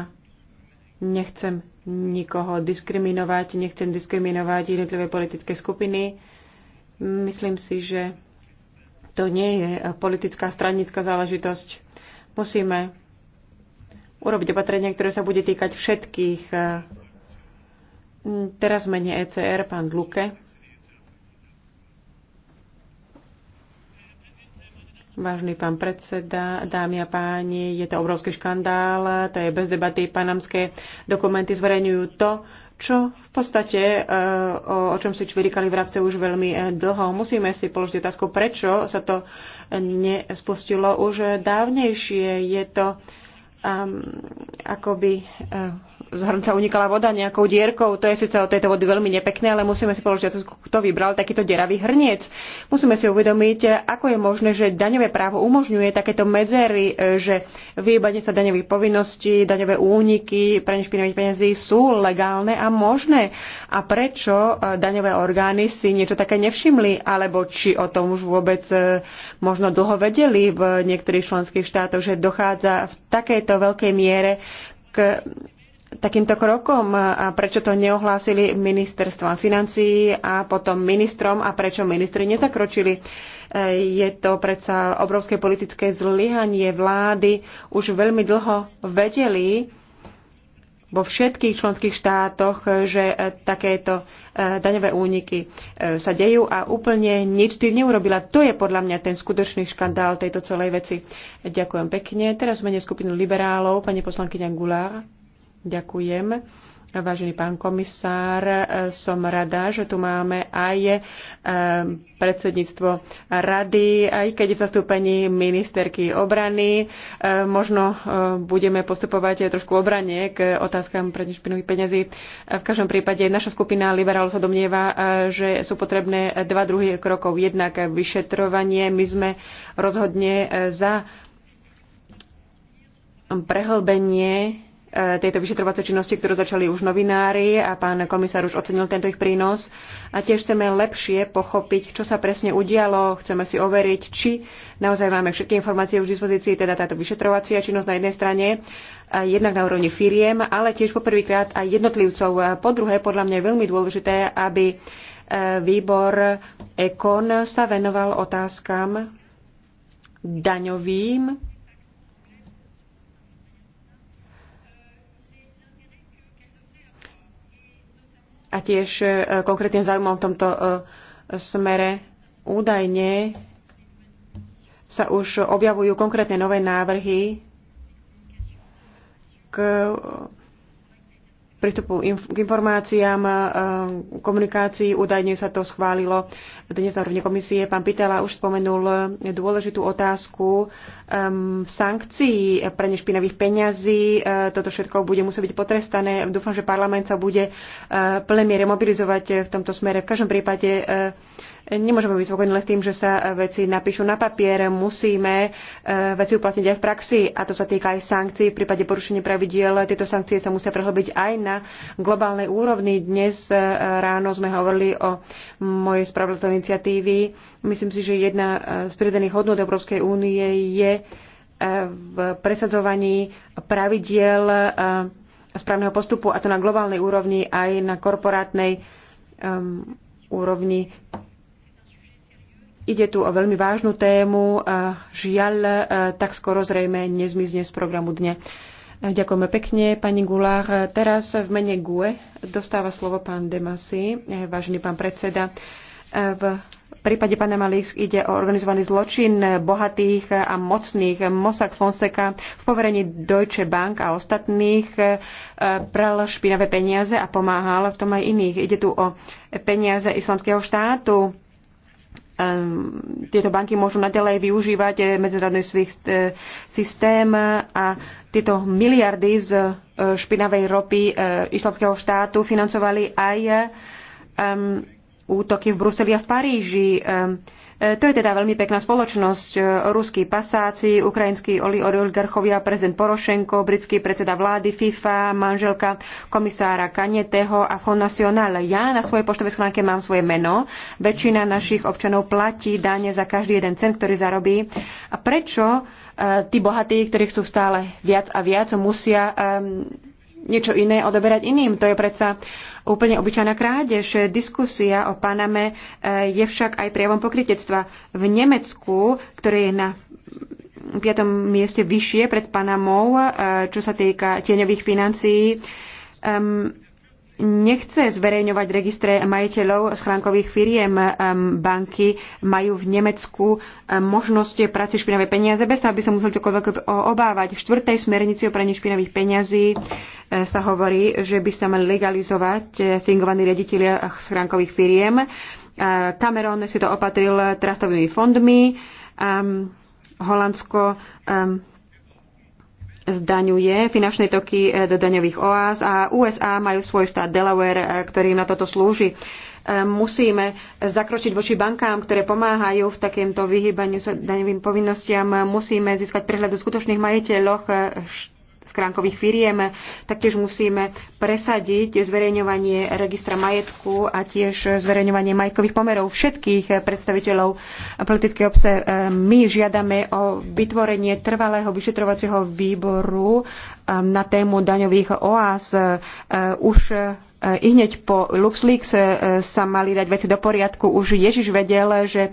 nechcem nikoho diskriminovať, nechcem diskriminovať jednotlivé politické skupiny Myslím si, že to nie je politická stranická záležitosť. Musíme urobiť opatrenie, ktoré sa bude týkať všetkých. Teraz mene ECR, pán Luke. Vážny pán predseda, dámy a páni, je to obrovský škandál, to je bez debaty. Panamské dokumenty zverejňujú to, čo v podstate, e, o, o čom si čvirikali vrabce už veľmi e, dlho. Musíme si položiť otázku, prečo sa to nespustilo už dávnejšie. Je to um, akoby uh, z hrnca unikala voda nejakou dierkou. To je síce od tejto vody veľmi nepekné, ale musíme si položiť otázku, kto vybral takýto deravý hrniec. Musíme si uvedomiť, ako je možné, že daňové právo umožňuje takéto medzery, že vyjebanie sa daňových povinností, daňové úniky, pranie špinavých peniazí sú legálne a možné. A prečo e, daňové orgány si niečo také nevšimli, alebo či o tom už vôbec e, možno dlho vedeli v niektorých členských štátoch, že dochádza v takejto veľkej miere k takýmto krokom a prečo to neohlásili ministerstvom financií a potom ministrom a prečo ministri nezakročili. E, je to predsa obrovské politické zlyhanie vlády. Už veľmi dlho vedeli vo všetkých členských štátoch, že e, takéto e, daňové úniky sa dejú a úplne nič tým neurobila. To je podľa mňa ten skutočný škandál tejto celej veci. Ďakujem pekne. Teraz mene skupinu liberálov, pani poslankyňa Gulár. Ďakujem. Vážený pán komisár, som rada, že tu máme aj eh, predsedníctvo rady, aj keď je v zastúpení ministerky obrany. Eh, možno eh, budeme postupovať aj trošku obrane k otázkam pre špinových peňazí. V každom prípade naša skupina liberál sa domnieva, že sú potrebné dva druhy krokov. Jednak vyšetrovanie. My sme rozhodne za prehlbenie Eh, tejto vyšetrovacej činnosti, ktorú začali už novinári a pán komisár už ocenil tento ich prínos. A tiež chceme lepšie pochopiť, čo sa presne udialo, chceme si overiť, či naozaj máme všetky informácie už v dispozícii, teda táto vyšetrovacia činnosť na jednej strane, jednak na úrovni firiem, ale tiež poprvýkrát aj jednotlivcov. Po druhé, podľa mňa je veľmi dôležité, aby eh, výbor EKON sa venoval otázkam daňovým a tiež e, konkrétne zaujímavom v tomto e, smere údajne sa už objavujú konkrétne nové návrhy k prístupu k informáciám, komunikácii. Údajne sa to schválilo dnes na úrovni komisie. Pán Pitela už spomenul dôležitú otázku ehm, sankcií pre nešpinavých peňazí. E, toto všetko bude musieť byť potrestané. Dúfam, že parlament sa bude e, plne mobilizovať e, v tomto smere. V každom prípade Nemôžeme byť spokojní len s tým, že sa veci napíšu na papier. Musíme e, veci uplatniť aj v praxi a to sa týka aj sankcií. V prípade porušenia pravidiel tieto sankcie sa musia prehlbiť aj na globálnej úrovni. Dnes e, ráno sme hovorili o mojej spravodlivej iniciatívy. Myslím si, že jedna e, z pridaných hodnot Európskej únie je v presadzovaní pravidiel správneho postupu, a to na globálnej úrovni aj na korporátnej um, úrovni. Ide tu o veľmi vážnu tému a žiaľ e, tak skoro zrejme nezmizne z programu dne. Ďakujeme pekne, pani Gulách. E, teraz v mene GUE dostáva slovo pán Demasi, e, vážený pán predseda. V prípade pána Malísk ide o organizovaný zločin bohatých a mocných. Mossack Fonseca v poverení Deutsche Bank a ostatných pral špinavé peniaze a pomáhal v tom aj iných. Ide tu o peniaze islamského štátu Ehm, tieto banky môžu naďalej využívať eh, medzinárodný svých eh, systém a tieto miliardy z eh, špinavej ropy islamského štátu financovali aj ehm, útoky v Bruseli a v Paríži. Ehm, E, to je teda veľmi pekná spoločnosť. E, ruskí pasáci, ukrajinskí oligarchovia, prezident Porošenko, britský predseda vlády, FIFA, manželka komisára Kaneteho a Fond National. Ja na svojej poštovej schránke mám svoje meno. Väčšina našich občanov platí dane za každý jeden cent, ktorý zarobí. A prečo e, tí bohatí, ktorí chcú stále viac a viac, musia niečo iné odoberať iným? To je predsa úplne obyčajná krádež. Diskusia o Paname e, je však aj prejavom pokritectva. V Nemecku, ktoré je na piatom mieste vyššie pred Panamou, e, čo sa týka tieňových financií, um, nechce zverejňovať registre majiteľov schránkových firiem. Banky majú v Nemecku možnosť práci špinavé peniaze bez toho, aby sa museli čokoľvek obávať. V štvrtej smernici o praní špinavých peniazí e, sa hovorí, že by sa mali legalizovať e, fingovaní riaditeľia schránkových firiem. E, Cameron si to opatril trastovými fondmi. Holandsko zdaňuje finančné toky e, do daňových oáz a USA majú svoj štát Delaware, e, ktorý na toto slúži. E, musíme zakročiť voči bankám, ktoré pomáhajú v takémto vyhýbaniu sa daňovým povinnostiam. Musíme získať prehľad o skutočných majiteľoch skránkových firiem. Taktiež musíme presadiť zverejňovanie registra majetku a tiež zverejňovanie majetkových pomerov všetkých predstaviteľov politickej obce. E, my žiadame o vytvorenie trvalého vyšetrovacieho výboru e, na tému daňových oás. E, už i hneď po LuxLeaks e, sa mali dať veci do poriadku. Už Ježiš vedel, že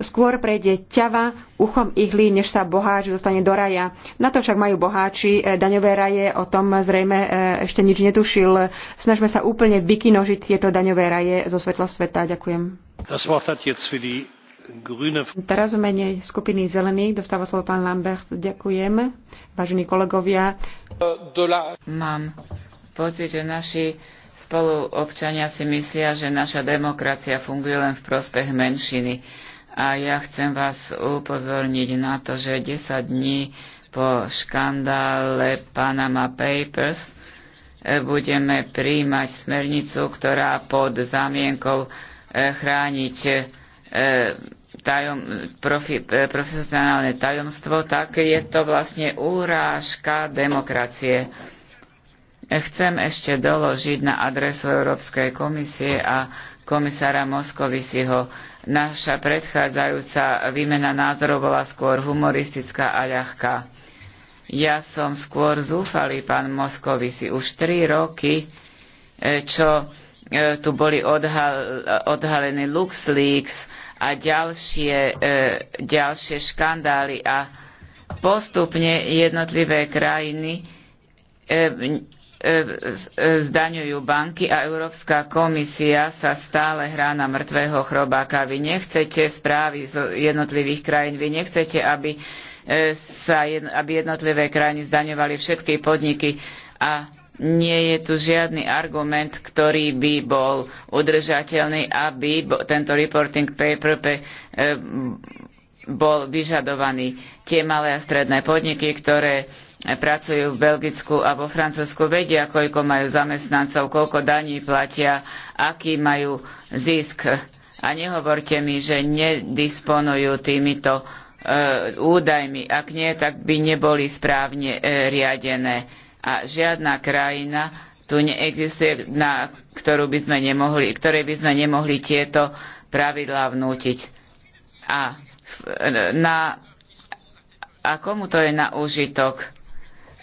skôr prejde ťava uchom ihly, než sa boháč dostane do raja. Na to však majú boháči e, daňové raje, o tom zrejme e, ešte nič netušil. Snažme sa úplne vykinožiť tieto daňové raje zo svetla sveta. Ďakujem. Teraz v mene skupiny zelených dostáva slovo pán Lambert. Ďakujem, vážení kolegovia. Mám pocit, že naši Spoluobčania si myslia, že naša demokracia funguje len v prospech menšiny. A ja chcem vás upozorniť na to, že 10 dní po škandále Panama Papers e, budeme príjmať smernicu, ktorá pod zámienkou e, chrániť e, tajom, profi, profesionálne tajomstvo, tak je to vlastne úrážka demokracie. Chcem ešte doložiť na adresu Európskej komisie a komisára Moskovisiho. Naša predchádzajúca výmena názorov bola skôr humoristická a ľahká. Ja som skôr zúfalý, pán Moskovisi. Už tri roky, e, čo e, tu boli odhal, odhalené LuxLeaks a ďalšie, e, ďalšie škandály a postupne jednotlivé krajiny E, e, zdaňujú banky a Európska komisia sa stále hrá na mŕtvého chrobáka. Vy nechcete správy z jednotlivých krajín, vy nechcete, aby, e, sa, aby jednotlivé krajiny zdaňovali všetky podniky a nie je tu žiadny argument, ktorý by bol udržateľný, aby tento reporting paper bol vyžadovaný. Tie malé a stredné podniky, ktoré pracujú v Belgicku a vo Francúzsku, vedia, koľko majú zamestnancov, koľko daní platia, aký majú zisk. A nehovorte mi, že nedisponujú týmito e, údajmi. Ak nie, tak by neboli správne e, riadené. A žiadna krajina tu neexistuje, na ktorú by sme nemohli, ktorej by sme nemohli tieto pravidlá vnútiť. A, e, na, a komu to je na úžitok?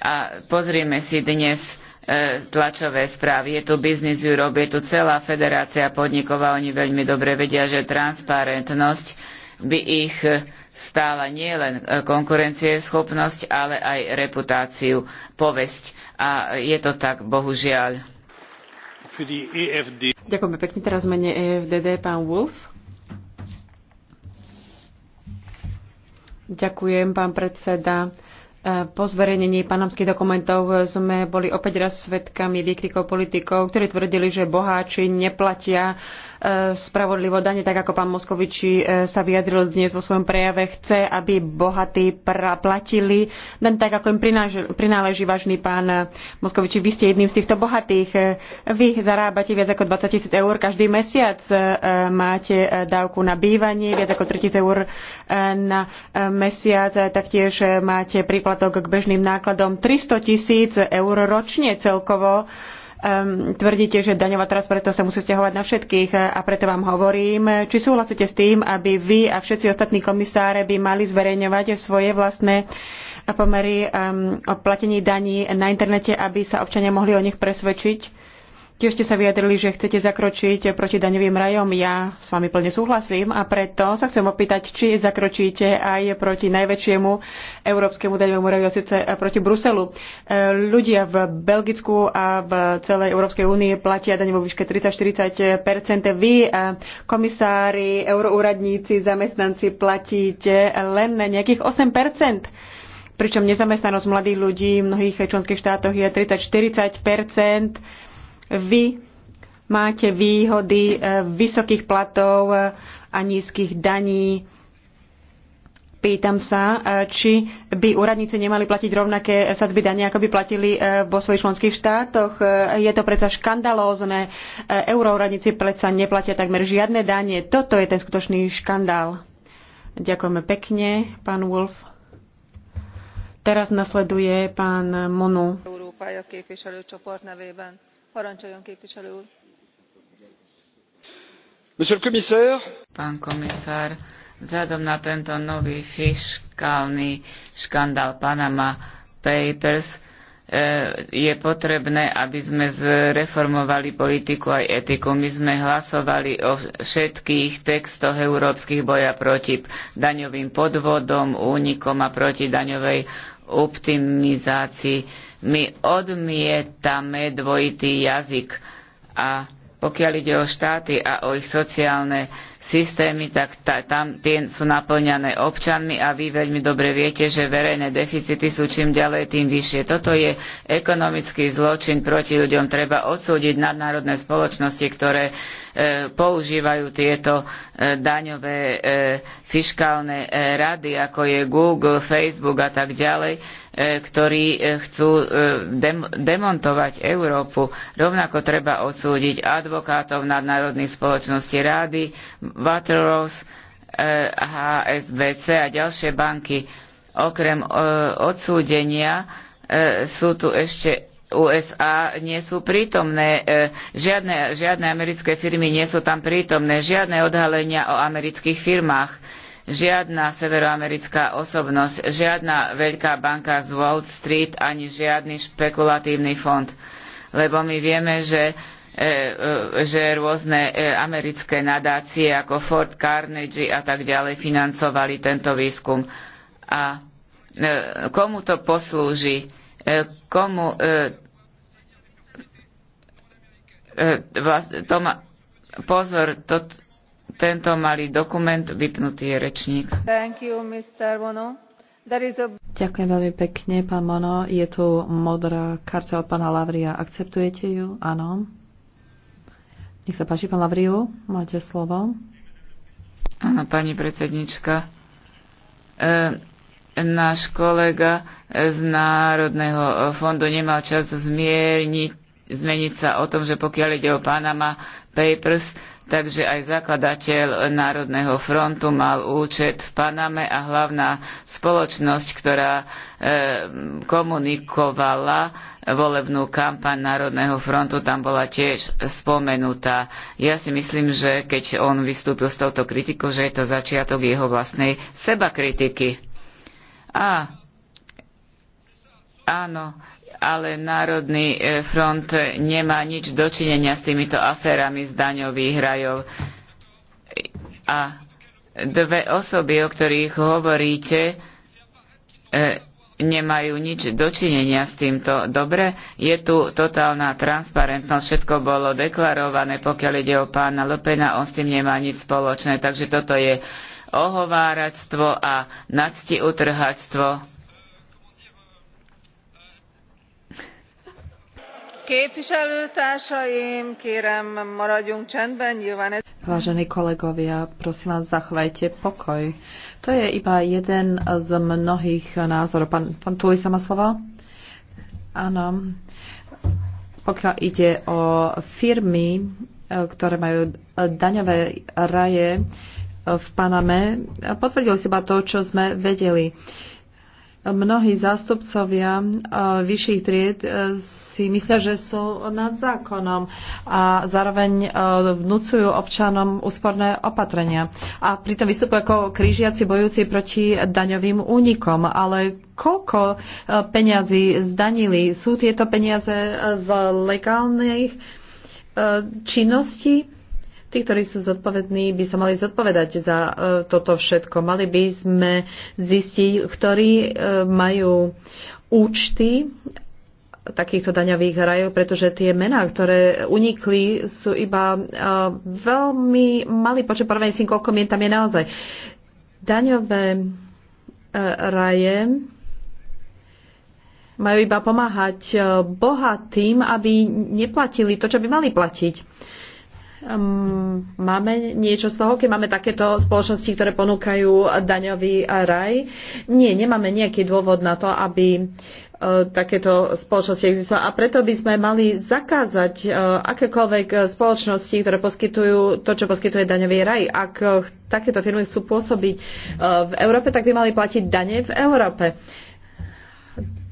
A pozrieme si dnes e, tlačové správy. Je tu Business Europe, je tu celá federácia podnikov a oni veľmi dobre vedia, že transparentnosť by ich e, stála nielen e, konkurencieschopnosť, ale aj reputáciu, povesť. A je to tak, bohužiaľ. Ďakujeme pekne. Teraz mene EFDD, pán Wolf. Ďakujem, pán predseda. Po zverejnení panamských dokumentov sme boli opäť raz svedkami výkrikov politikov, ktorí tvrdili, že boháči neplatia spravodlivo dane, tak ako pán Moskoviči e, sa vyjadril dnes vo svojom prejave, chce, aby bohatí platili len tak, ako im prináleží, prináleží vážny pán Moskoviči. Vy ste jedným z týchto bohatých. E, vy zarábate viac ako 20 tisíc eur každý mesiac. E, máte dávku na bývanie, viac ako 3 tisíc eur na mesiac. Taktiež máte príplatok k bežným nákladom 300 tisíc eur ročne celkovo um, tvrdíte, že daňová transparentnosť sa musí stiahovať na všetkých e, a preto vám hovorím, či súhlasíte s tým, aby vy a všetci ostatní komisáre by mali zverejňovať svoje vlastné e, pomery um, o platení daní na internete, aby sa občania mohli o nich presvedčiť? Tiež ste sa vyjadrili, že chcete zakročiť proti daňovým rajom. Ja s vami plne súhlasím a preto sa chcem opýtať, či zakročíte aj proti najväčšiemu európskemu daňovému raju, a síce proti Bruselu. E, ľudia v Belgicku a v celej Európskej únie platia daň vo výške 30-40 Vy, e, komisári, euroúradníci, zamestnanci platíte len nejakých 8 pričom nezamestnanosť mladých ľudí v mnohých členských štátoch je 30-40 vy máte výhody eh, vysokých platov eh, a nízkych daní. Pýtam sa, eh, či by úradníci nemali platiť rovnaké sadzby dania, ako by platili vo svojich členských štátoch. Je to predsa škandalózne. Euroúradníci predsa neplatia takmer žiadne danie. Toto je ten skutočný škandál. Ďakujeme pekne, pán Wolf. Teraz nasleduje pán Monu monsieur le commissaire pán komisár vzhľadom na tento nový fiškálny škandál panama papers e, je potrebné aby sme zreformovali politiku aj etiku. my sme hlasovali o všetkých textoch európskych boja proti daňovým podvodom únikom a proti daňovej optimizácii. My odmietame dvojitý jazyk a pokiaľ ide o štáty a o ich sociálne systémy, tak tam tie sú naplňané občanmi a vy veľmi dobre viete, že verejné deficity sú čím ďalej tým vyššie. Toto je ekonomický zločin proti ľuďom. Treba odsúdiť nadnárodné spoločnosti, ktoré e, používajú tieto e, daňové e, fiškálne e, rady, ako je Google, Facebook a tak ďalej E, ktorí e, chcú e, demontovať Európu. Rovnako treba odsúdiť advokátov nadnárodných spoločností Rády, Waterhouse, HSBC a ďalšie banky. Okrem odsúdenia sú tu ešte USA nie sú prítomné, žiadne, žiadne americké firmy nie sú tam prítomné, žiadne odhalenia o amerických firmách Žiadna severoamerická osobnosť, žiadna veľká banka z Wall Street ani žiadny špekulatívny fond. Lebo my vieme, že, e, e, že rôzne e, americké nadácie ako Ford Carnegie a tak ďalej financovali tento výskum. A e, komu to poslúži? E, komu e, vlast, to ma, pozor, to, tento malý dokument. Vypnutý je rečník. You, Ďakujem veľmi pekne, pán Mono. Je tu modrá karta od pána Lavria. Akceptujete ju? Áno. Nech sa páči, pán Lavriu, máte slovo. Áno, pani predsednička. E náš kolega z Národného fondu nemal čas zmierniť, zmeniť sa o tom, že pokiaľ ide o Panama Papers, takže aj zakladateľ Národného frontu mal účet v Paname a hlavná spoločnosť, ktorá e, komunikovala volebnú kampaň Národného frontu, tam bola tiež spomenutá. Ja si myslím, že keď on vystúpil s touto kritikou, že je to začiatok jeho vlastnej sebakritiky. A Áno, ale Národný e, front nemá nič dočinenia s týmito aférami z daňových rajov. A dve osoby, o ktorých hovoríte, e, nemajú nič dočinenia s týmto. Dobre, je tu totálna transparentnosť, všetko bolo deklarované, pokiaľ ide o pána Lopena, on s tým nemá nič spoločné, takže toto je ohováractvo a nadstiutrhačstvo Vážení kolegovia, prosím vás, zachovajte pokoj. To je iba jeden z mnohých názorov. Pán, pán sa má slovo? Áno. Pokiaľ ide o firmy, e, ktoré majú daňové raje e, v Paname, potvrdil si iba to, čo sme vedeli mnohí zástupcovia e, vyšších tried si myslia, že sú nad zákonom a zároveň e, vnúcujú občanom úsporné opatrenia. A pritom vystupujú ako krížiaci bojúci proti daňovým únikom. Ale koľko e, peňazí zdanili? Sú tieto peniaze e, z legálnych činností? tí, ktorí sú zodpovední, by sa mali zodpovedať za uh, toto všetko. Mali by sme zistiť, ktorí uh, majú účty takýchto daňových rajov, pretože tie mená, ktoré unikli, sú iba veľmi malý počet porovnaní s tým, koľko mien tam je naozaj. Daňové e, raje majú iba pomáhať e, bohatým, aby neplatili to, čo by mali platiť. Ehm, máme niečo z toho, keď máme takéto spoločnosti, ktoré ponúkajú daňový raj? Nie, nemáme nejaký dôvod na to, aby E, takéto spoločnosti existujú. A preto by sme mali zakázať e, akékoľvek e, spoločnosti, ktoré poskytujú to, čo poskytuje daňový raj. Ak takéto firmy chcú pôsobiť v Európe, tak by mali platiť dane v Európe.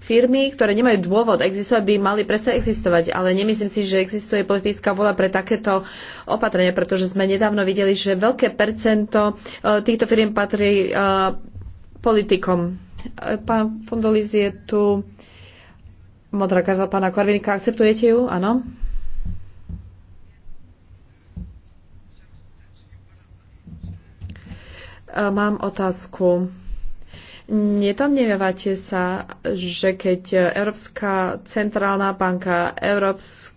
Firmy, ktoré nemajú dôvod existovať, by mali presne existovať, ale nemyslím si, že existuje politická vola pre takéto opatrenie, pretože sme nedávno videli, že veľké percento týchto firm patrí politikom Pán Fondolis je tu. Modrá karta pána Korvinika. akceptujete ju? Áno. Mám otázku. Nedomnievate sa, že keď Európska centrálna banka, Európska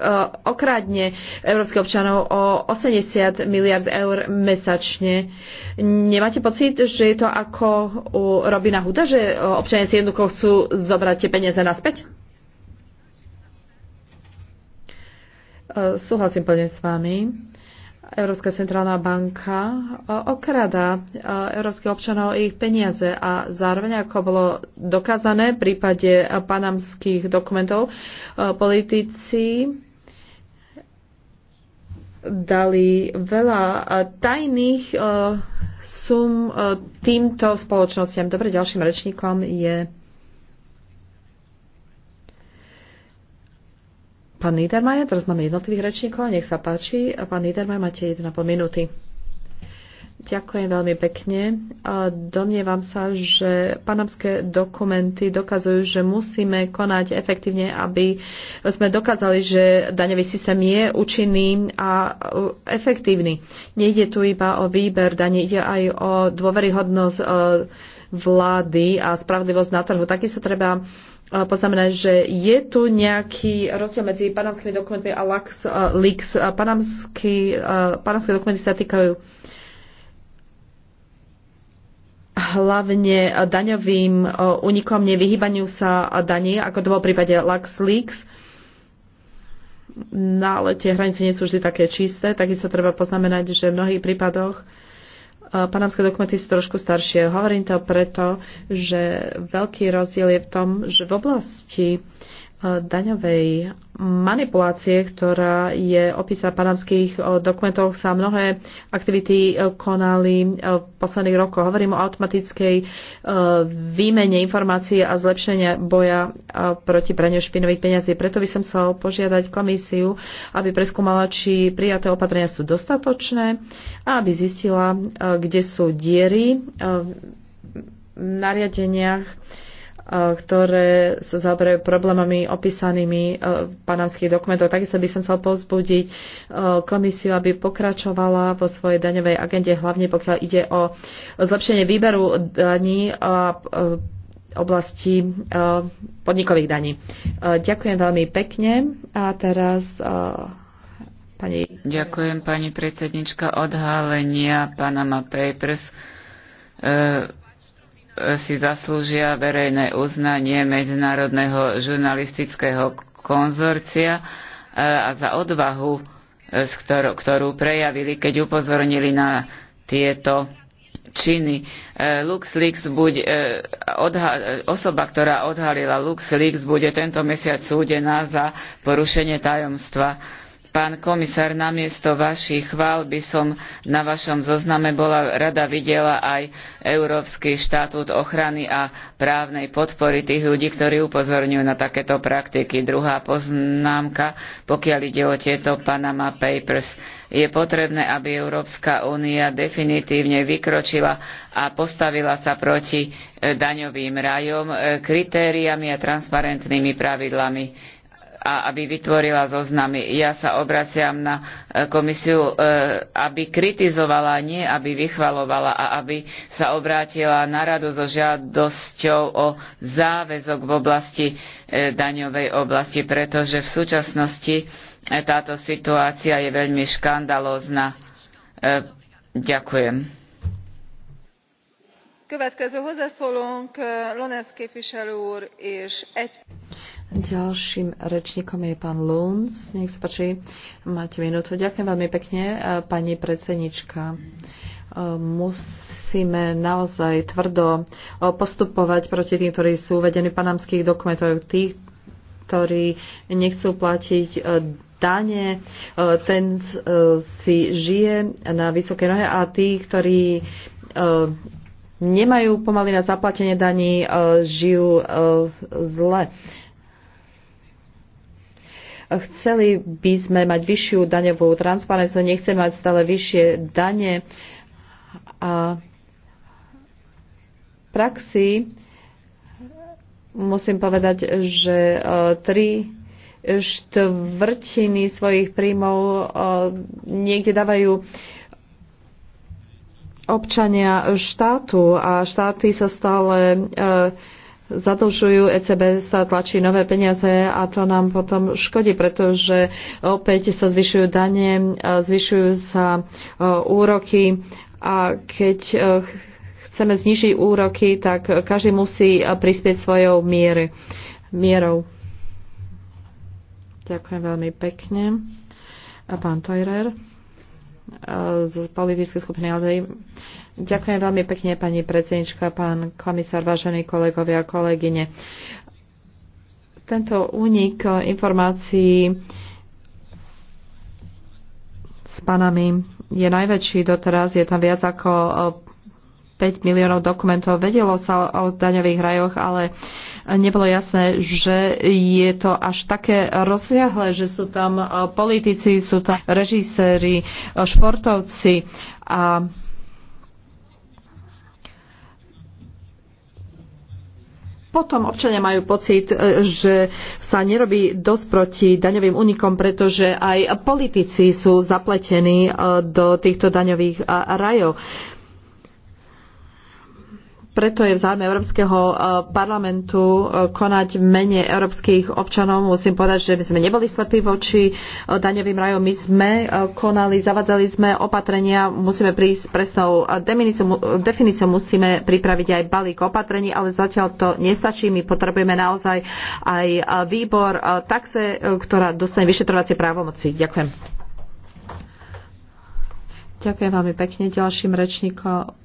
Eh, okradne európskych občanov o 80 miliard eur mesačne. Nemáte pocit, že je to ako u Robina Huda, že eh, občania si jednoducho chcú zobrať tie peniaze naspäť? Eh, súhlasím plne s vami. Európska centrálna banka okrada európskych občanov ich peniaze a zároveň, ako bolo dokázané v prípade panamských dokumentov, politici dali veľa eh, tajných eh, sum eh, týmto spoločnostiam. Dobre, ďalším rečníkom je pán Niedermayer. Teraz máme jednotlivých rečníkov. Nech sa páči. Pán Niedermayer, máte 1,5 minúty. Ďakujem veľmi pekne. Domnievam sa, že panamské dokumenty dokazujú, že musíme konať efektívne, aby sme dokázali, že daňový systém je účinný a efektívny. Nejde tu iba o výber daní, ide aj o dôveryhodnosť e, vlády a spravodlivosť na trhu. Taký sa treba e, poznamenať, že je tu nejaký rozdiel medzi panamskými dokumentmi a LaxLeaks. E, panamské dokumenty sa týkajú hlavne daňovým unikom, e, nevyhýbaniu sa daní, ako to bolo v prípade LuxLeaks. No, ale tie hranice nie sú vždy také čisté, takisto treba poznamenať, že v mnohých prípadoch e, panamské dokumenty sú trošku staršie. Hovorím to preto, že veľký rozdiel je v tom, že v oblasti daňovej manipulácie, ktorá je opísaná v panamských eh, dokumentoch, sa mnohé aktivity eh, konali eh, v posledných rokoch. Hovorím o automatickej výmene informácií a zlepšenia boja proti praniu špinových peniazí. Preto by som chcel požiadať komisiu, aby preskúmala, či prijaté opatrenia sú dostatočné a aby zistila, kde sú diery v nariadeniach ktoré sa zaoberajú problémami opísanými e, v panamských dokumentoch. Takisto by som chcel pozbudiť e, komisiu, aby pokračovala vo svojej daňovej agende, hlavne pokiaľ ide o zlepšenie výberu daní a e, oblasti podnikových daní. Ďakujem veľmi pekne a teraz pani... Ďakujem pani predsednička odhalenia Panama Papers si zaslúžia verejné uznanie Medzinárodného žurnalistického konzorcia e, a za odvahu, e, ktorú prejavili, keď upozornili na tieto činy. E, LuxLeaks buď, odha- osoba, ktorá odhalila LuxLeaks, bude tento mesiac súdená za porušenie tajomstva Pán komisár, namiesto vašich chvál by som na vašom zozname bola rada videla aj Európsky štatút ochrany a právnej podpory tých ľudí, ktorí upozorňujú na takéto praktiky. Druhá poznámka, pokiaľ ide o tieto Panama Papers, je potrebné, aby Európska únia definitívne vykročila a postavila sa proti e, daňovým rajom e, kritériami a transparentnými pravidlami a aby vytvorila zoznamy. Ja sa obraciam na e, komisiu, e, aby kritizovala, nie aby vychvalovala a aby sa obrátila na radu so žiadosťou o záväzok v oblasti e, daňovej oblasti, pretože v súčasnosti táto situácia je veľmi škandalózna. Ďakujem. Következő hozzászólónk Lonesz képviselő úr, és egy... Ďalším rečníkom je pán Lunds. Nech sa páči, máte minútu. Ďakujem veľmi pekne, eh, pani predsednička. Eh, musíme naozaj tvrdo eh, postupovať proti tým, ktorí sú uvedení v panamských dokumentov, tých, ktorí nechcú platiť dane, ten si žije na vysoké nohe a tí, ktorí nemajú pomaly na zaplatenie daní, žijú zle. Chceli by sme mať vyššiu daňovú transparentnosť, nechceme mať stále vyššie dane. A v praxi musím povedať, že e, tri štvrtiny svojich príjmov e, niekde dávajú občania štátu a štáty sa stále e, zadlžujú, ECB sa tlačí nové peniaze a to nám potom škodí, pretože opäť sa zvyšujú dane, e, zvyšujú sa e, úroky a keď e, chceme znižiť úroky, tak každý musí prispieť svojou miery, mierou. Ďakujem veľmi pekne. A pán Teurer z politickej skupiny LDI. Ďakujem veľmi pekne, pani predsednička, pán komisár, vážení kolegovia a kolegyne. Tento únik informácií s panami je najväčší doteraz, je tam viac ako 5 eh, miliónov dokumentov. Vedelo sa o daňových rajoch, ale uh, nebolo jasné, že je to až také rozsiahle, že sú tam e, politici, sú tam režiséri, e, športovci a potom občania majú pocit, e, že sa nerobí dosť proti daňovým únikom, pretože aj politici sú zapletení do týchto daňových rajov preto je v záujme Európskeho e, parlamentu e, konať v mene európskych občanov. Musím povedať, že my sme neboli slepí voči e, daňovým rajom. My sme konali, zavadzali sme opatrenia, musíme prísť presnou definíciou, musíme pripraviť aj balík opatrení, ale zatiaľ to nestačí. My potrebujeme naozaj aj výbor taxe, ktorá dostane vyšetrovacie právomoci. Ďakujem. Ďakujem veľmi pekne. Ďalším rečníkom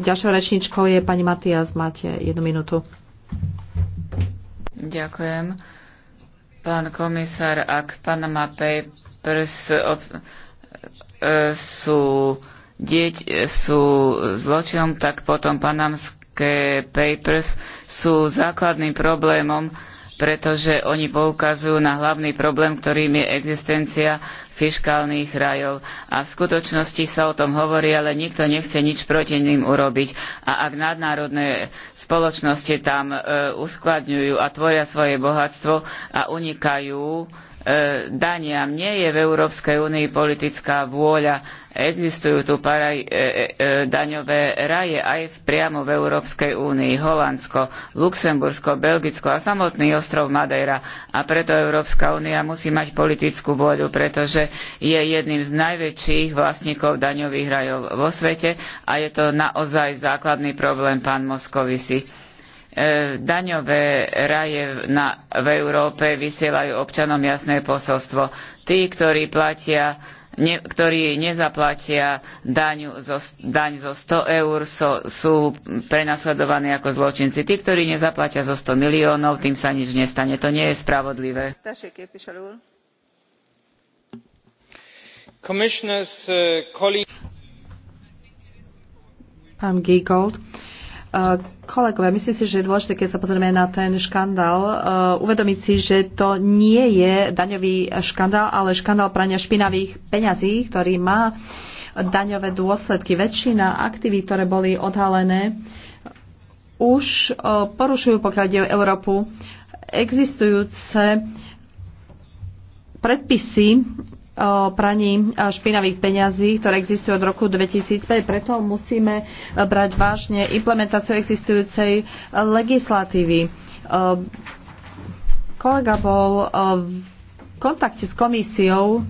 Ďalšou rečničkou je pani Matias. Máte jednu minútu. Ďakujem. Pán komisár, ak Panama Papers ob, e, sú, dieť, e, sú zločinom, tak potom panamské papers sú základným problémom pretože oni poukazujú na hlavný problém, ktorým je existencia fiškálnych rajov. A v skutočnosti sa o tom hovorí, ale nikto nechce nič proti ním urobiť. A ak nadnárodné spoločnosti tam e, uskladňujú a tvoria svoje bohatstvo a unikajú e, daniam, nie je v Európskej únii politická vôľa Existujú tu paraj, e, e, e, daňové raje aj v, priamo v Európskej únii, Holandsko, Luxembursko, Belgicko a samotný ostrov Madeira. A preto Európska únia musí mať politickú vôľu, pretože je jedným z najväčších vlastníkov daňových rajov vo svete a je to naozaj základný problém, pán Moskovisi e, daňové raje na, v Európe vysielajú občanom jasné posolstvo. Tí, ktorí platia ne, ktorí nezaplatia daň zo, daň zo 100 eur, so, sú prenasledovaní ako zločinci. Tí, ktorí nezaplatia zo 100 miliónov, tým sa nič nestane. To nie je spravodlivé. Uh, Pán Giegold, Eh, kolegovia, myslím si, že je dôležité, keď sa pozrieme na ten škandál, eh, uvedomiť si, že to nie je daňový škandál, ale škandál prania špinavých peňazí, ktorý má daňové dôsledky. Väčšina aktiví, ktoré boli odhalené, už eh, porušujú, pokiaľ ide o Európu, existujúce predpisy o praní e, špinavých peňazí, ktoré existujú od roku 2005. Preto musíme e, brať vážne implementáciu existujúcej e, legislatívy. Kolega bol v kontakte s komisiou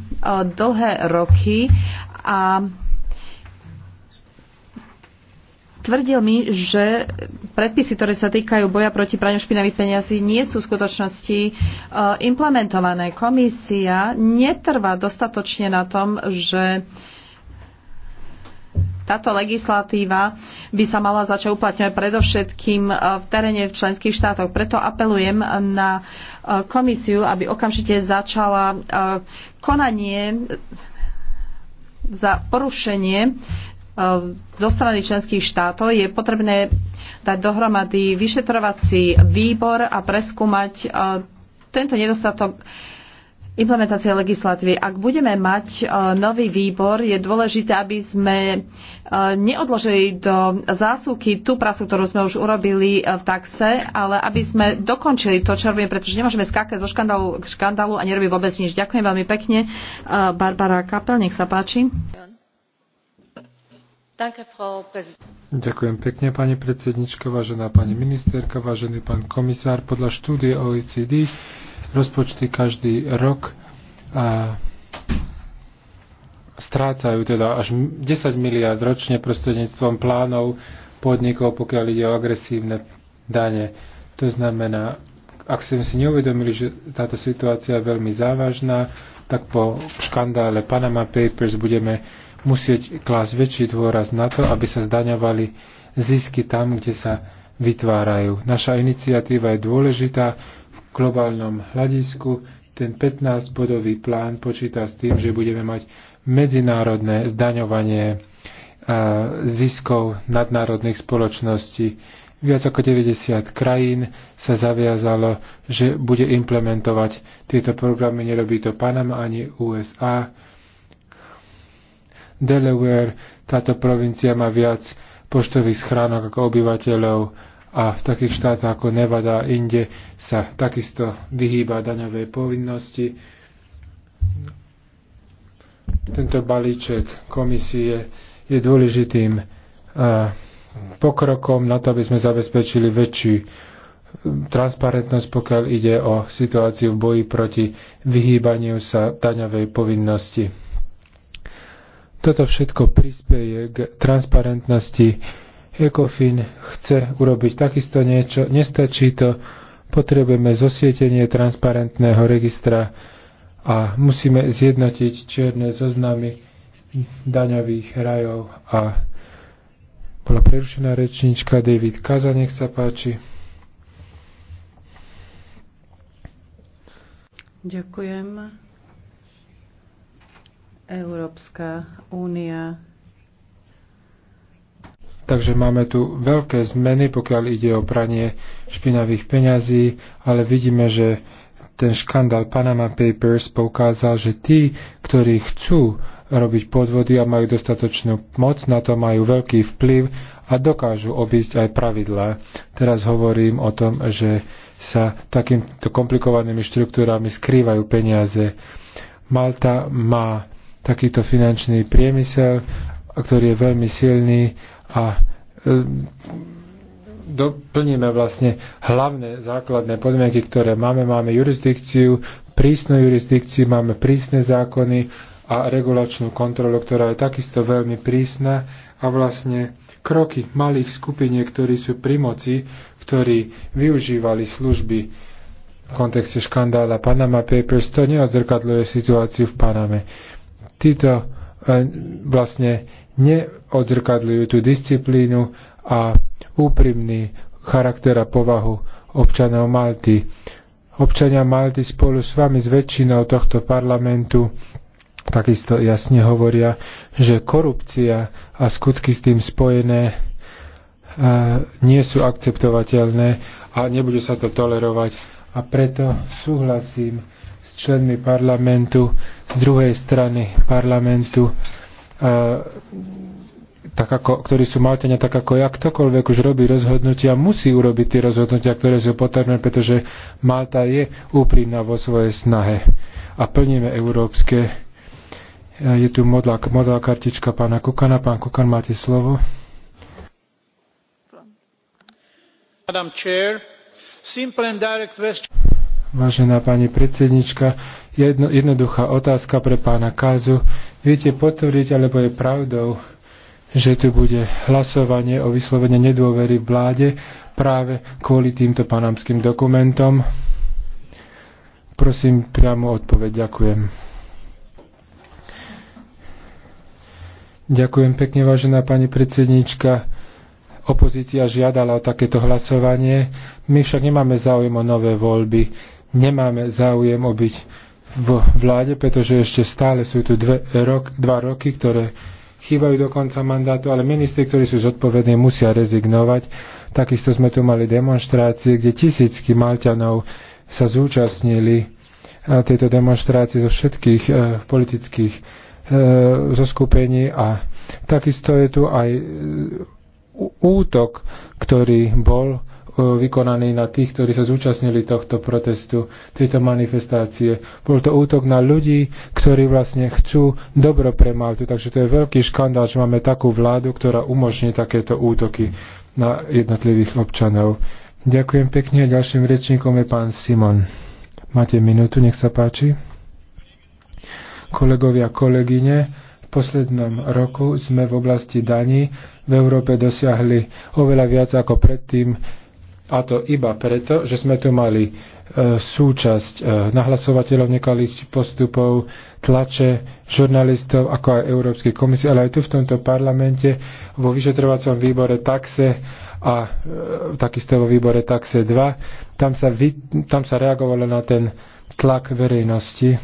dlhé roky a Tvrdil mi, že predpisy, ktoré sa týkajú boja proti praniu špinavých peniazí, nie sú v skutočnosti e, implementované. Komisia netrvá dostatočne na tom, že táto legislatíva by sa mala začať uplatňovať predovšetkým e, v teréne v členských štátoch. Preto apelujem na e, komisiu, aby okamžite začala konanie za porušenie zo strany členských štátov, je potrebné dať dohromady vyšetrovací výbor a preskúmať e, tento nedostatok implementácie legislatívy. Ak budeme mať e, nový výbor, je dôležité, aby sme e, neodložili do zásuvky tú prácu, ktorú sme už urobili v taxe, ale aby sme dokončili to, čo robíme, pretože nemôžeme skákať zo škandálu k škandálu a nerobiť vôbec nič. Ďakujem veľmi pekne. Barbara Kapel, nech sa páči. Ďakujem pekne, pani predsednička, vážená pani ministerka, vážený pán komisár. Podľa štúdie OECD rozpočty každý rok a strácajú teda až 10 miliard ročne prostredníctvom plánov podnikov, pokiaľ ide o agresívne dane. To znamená, ak sme si neuvedomili, že táto situácia je veľmi závažná, tak po škandále Panama Papers budeme musieť klásť väčší dôraz na to, aby sa zdaňovali zisky tam, kde sa vytvárajú. Naša iniciatíva je dôležitá v globálnom hľadisku. Ten 15-bodový plán počíta s tým, že budeme mať medzinárodné zdaňovanie e, ziskov nadnárodných spoločností. Viac ako 90 krajín sa zaviazalo, že bude implementovať tieto programy. Nerobí to Panama ani USA Delaware. Táto provincia má viac poštových schránok ako obyvateľov a v takých štátoch ako Nevada a inde sa takisto vyhýba daňovej povinnosti. Tento balíček komisie je dôležitým eh, pokrokom na to, aby sme zabezpečili väčšiu eh, transparentnosť, pokiaľ ide o situáciu v boji proti vyhýbaniu sa daňovej povinnosti. Toto všetko prispieje k transparentnosti. ECOFIN chce urobiť takisto niečo, nestačí to, potrebujeme zosvietenie transparentného registra a musíme zjednotiť čierne zoznamy daňových rajov a bola prerušená rečnička David Kaza, nech sa páči. Ďakujem. Európska únia. Takže máme tu veľké zmeny, pokiaľ ide o pranie špinavých peňazí, ale vidíme, že ten škandál Panama Papers poukázal, že tí, ktorí chcú robiť podvody a majú dostatočnú moc, na to majú veľký vplyv a dokážu obísť aj pravidlá. Teraz hovorím o tom, že sa takýmto komplikovanými štruktúrami skrývajú peniaze. Malta má takýto finančný priemysel, ktorý je veľmi silný a e, doplníme vlastne hlavné základné podmienky, ktoré máme. Máme jurisdikciu, prísnu jurisdikciu, máme prísne zákony a regulačnú kontrolu, ktorá je takisto veľmi prísna a vlastne kroky malých skupiniek, ktorí sú pri moci, ktorí využívali služby v kontexte škandála Panama Papers, to neodzrkadľuje situáciu v Paname. Títo e, vlastne neodzrkadľujú tú disciplínu a úprimný charakter a povahu občanov Malty. Občania Malty spolu s vami s väčšinou tohto parlamentu takisto jasne hovoria, že korupcia a skutky s tým spojené e, nie sú akceptovateľné a nebude sa to tolerovať. A preto súhlasím s členmi parlamentu, druhej strany parlamentu, e, tak ako, ktorí sú Malteňa tak ako ja, ktokoľvek už robí rozhodnutia, musí urobiť tie rozhodnutia, ktoré sú potrebné, pretože Malta je úprimná vo svojej snahe. A plníme európske. E, je tu modlá, modlá kartička pána Kukana. Pán Kukan, máte slovo. Vážená pani predsednička, Jedno, jednoduchá otázka pre pána Kázu. Viete potvrdiť, alebo je pravdou, že tu bude hlasovanie o vyslovene nedôvery vláde práve kvôli týmto panamským dokumentom? Prosím priamo odpoveď. Ďakujem. Ďakujem pekne, vážená pani predsednička opozícia žiadala o takéto hlasovanie. My však nemáme záujem o nové voľby, nemáme záujem o byť v vláde, pretože ešte stále sú tu dve, rok, dva roky, ktoré chýbajú do konca mandátu, ale ministri, ktorí sú zodpovední, musia rezignovať. Takisto sme tu mali demonstrácie, kde tisícky Malťanov sa zúčastnili na e, tejto demonstrácie zo všetkých e, politických e, zoskupení a takisto je tu aj e, útok, ktorý bol E, vykonaný na tých, ktorí sa zúčastnili tohto protestu, tejto manifestácie. Bol to útok na ľudí, ktorí vlastne chcú dobro pre Maltu. Takže to je veľký škandál, že máme takú vládu, ktorá umožní takéto útoky na jednotlivých občanov. Ďakujem pekne. Ďalším rečníkom je pán Simon. Máte minútu, nech sa páči. Kolegovia, kolegyne, v poslednom roku sme v oblasti daní v Európe dosiahli oveľa viac ako predtým a to iba preto, že sme tu mali e, súčasť e, nahlasovateľov nekalých postupov, tlače, žurnalistov, ako aj Európskej komisie, ale aj tu v tomto parlamente, vo vyšetrovacom výbore taxe a e, takisto vo výbore taxe 2, tam sa, vy, tam sa reagovalo na ten tlak verejnosti.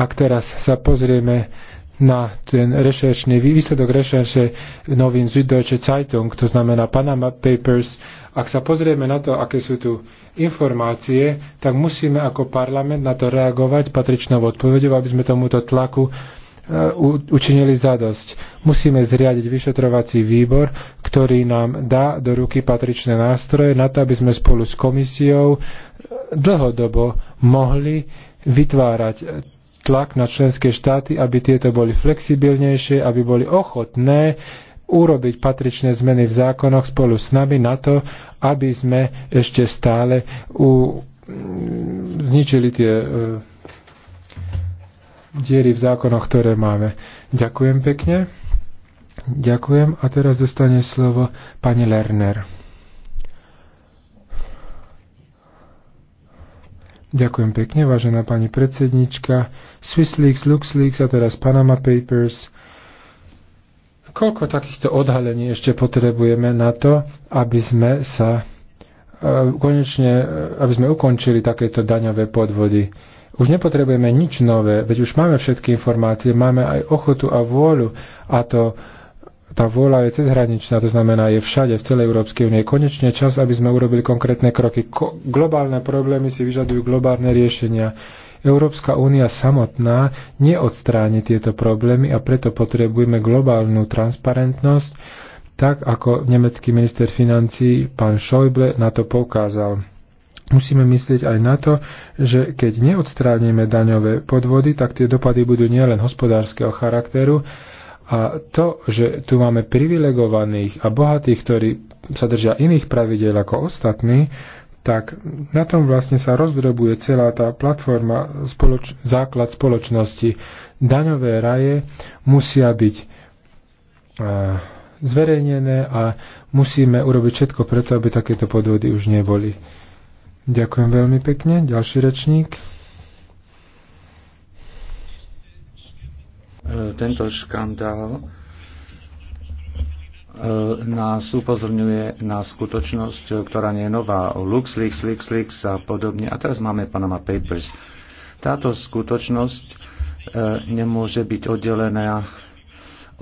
Ak teraz sa pozrieme na ten rešeršný, výsledok rešerše novín Süddeutsche Zeitung, to znamená Panama Papers. Ak sa pozrieme na to, aké sú tu informácie, tak musíme ako parlament na to reagovať patričnou odpovedou, aby sme tomuto tlaku e, učinili zadosť. Musíme zriadiť vyšetrovací výbor, ktorý nám dá do ruky patričné nástroje na to, aby sme spolu s komisiou e, dlhodobo mohli vytvárať tlak na členské štáty, aby tieto boli flexibilnejšie, aby boli ochotné urobiť patričné zmeny v zákonoch spolu s nami na to, aby sme ešte stále u, mm, zničili tie uh, diery v zákonoch, ktoré máme. Ďakujem pekne. Ďakujem a teraz dostane slovo pani Lerner. Ďakujem pekne, vážená pani predsednička. Swiss Leaks, LuxLeaks a teraz Panama Papers. Koľko takýchto odhalení ešte potrebujeme na to, aby sme sa e, konečne, e, aby sme ukončili takéto daňové podvody. Už nepotrebujeme nič nové, veď už máme všetky informácie, máme aj ochotu a vôľu a to tá vôľa je cezhraničná, to znamená je všade, v celej Európskej únie. Konečne čas, aby sme urobili konkrétne kroky. Ko- globálne problémy si vyžadujú globálne riešenia. Európska únia samotná neodstráni tieto problémy a preto potrebujeme globálnu transparentnosť, tak ako nemecký minister financí pán Schäuble na to poukázal. Musíme myslieť aj na to, že keď neodstránime daňové podvody, tak tie dopady budú nielen hospodárskeho charakteru, a to, že tu máme privilegovaných a bohatých, ktorí sa držia iných pravidel ako ostatní, tak na tom vlastne sa rozdrobuje celá tá platforma, spoloč- základ spoločnosti. Daňové raje musia byť uh, zverejnené a musíme urobiť všetko preto, aby takéto podvody už neboli. Ďakujem veľmi pekne. Ďalší rečník. E, tento škandál e, nás upozorňuje na skutočnosť, ktorá nie je nová. LuxLeaks, LuxLeaks a podobne. A teraz máme Panama Papers. Táto skutočnosť e, nemôže byť oddelená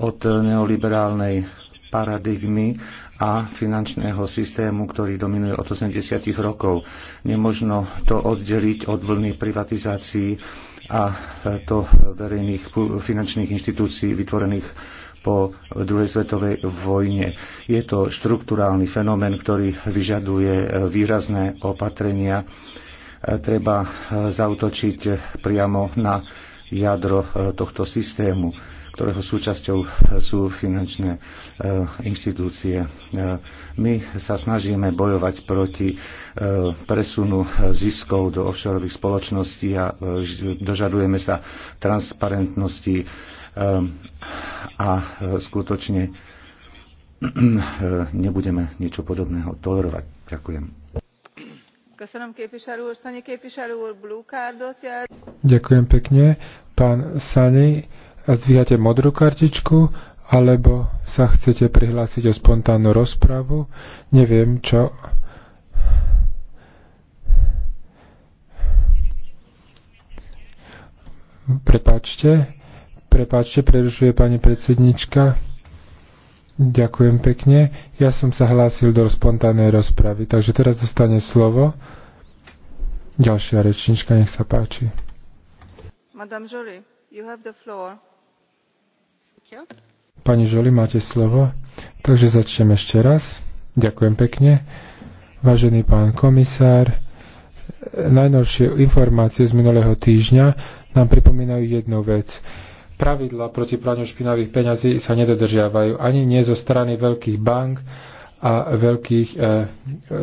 od neoliberálnej paradigmy a finančného systému, ktorý dominuje od 80. rokov. Nemožno to oddeliť od vlny privatizácií a e, to verejných finančných inštitúcií vytvorených po druhej svetovej vojne. Je to štruktúrálny fenomén, ktorý vyžaduje e, výrazné opatrenia. E, treba zautočiť priamo na jadro tohto systému ktorého súčasťou sú finančné e, inštitúcie. E, my sa snažíme bojovať proti e, presunu ziskov do offshore spoločností a dožadujeme sa transparentnosti a skutočne nebudeme niečo podobného tolerovať. Ďakujem. Ďakujem pekne. Pán Sani, zdvíhate modrú kartičku, alebo sa chcete prihlásiť o spontánnu rozpravu. Neviem, čo... Prepačte, prepačte, prerušuje pani predsednička. Ďakujem pekne. Ja som sa hlásil do spontánnej rozpravy, takže teraz dostane slovo ďalšia rečnička, nech sa páči. Madame Jolie, you have the floor. Pani Žoli, máte slovo. Takže začnem ešte raz. Ďakujem pekne. Vážený pán komisár, najnovšie informácie z minulého týždňa nám pripomínajú jednu vec. Pravidla proti praniu špinavých peňazí sa nedodržiavajú ani nie zo strany veľkých bank, a veľkých e,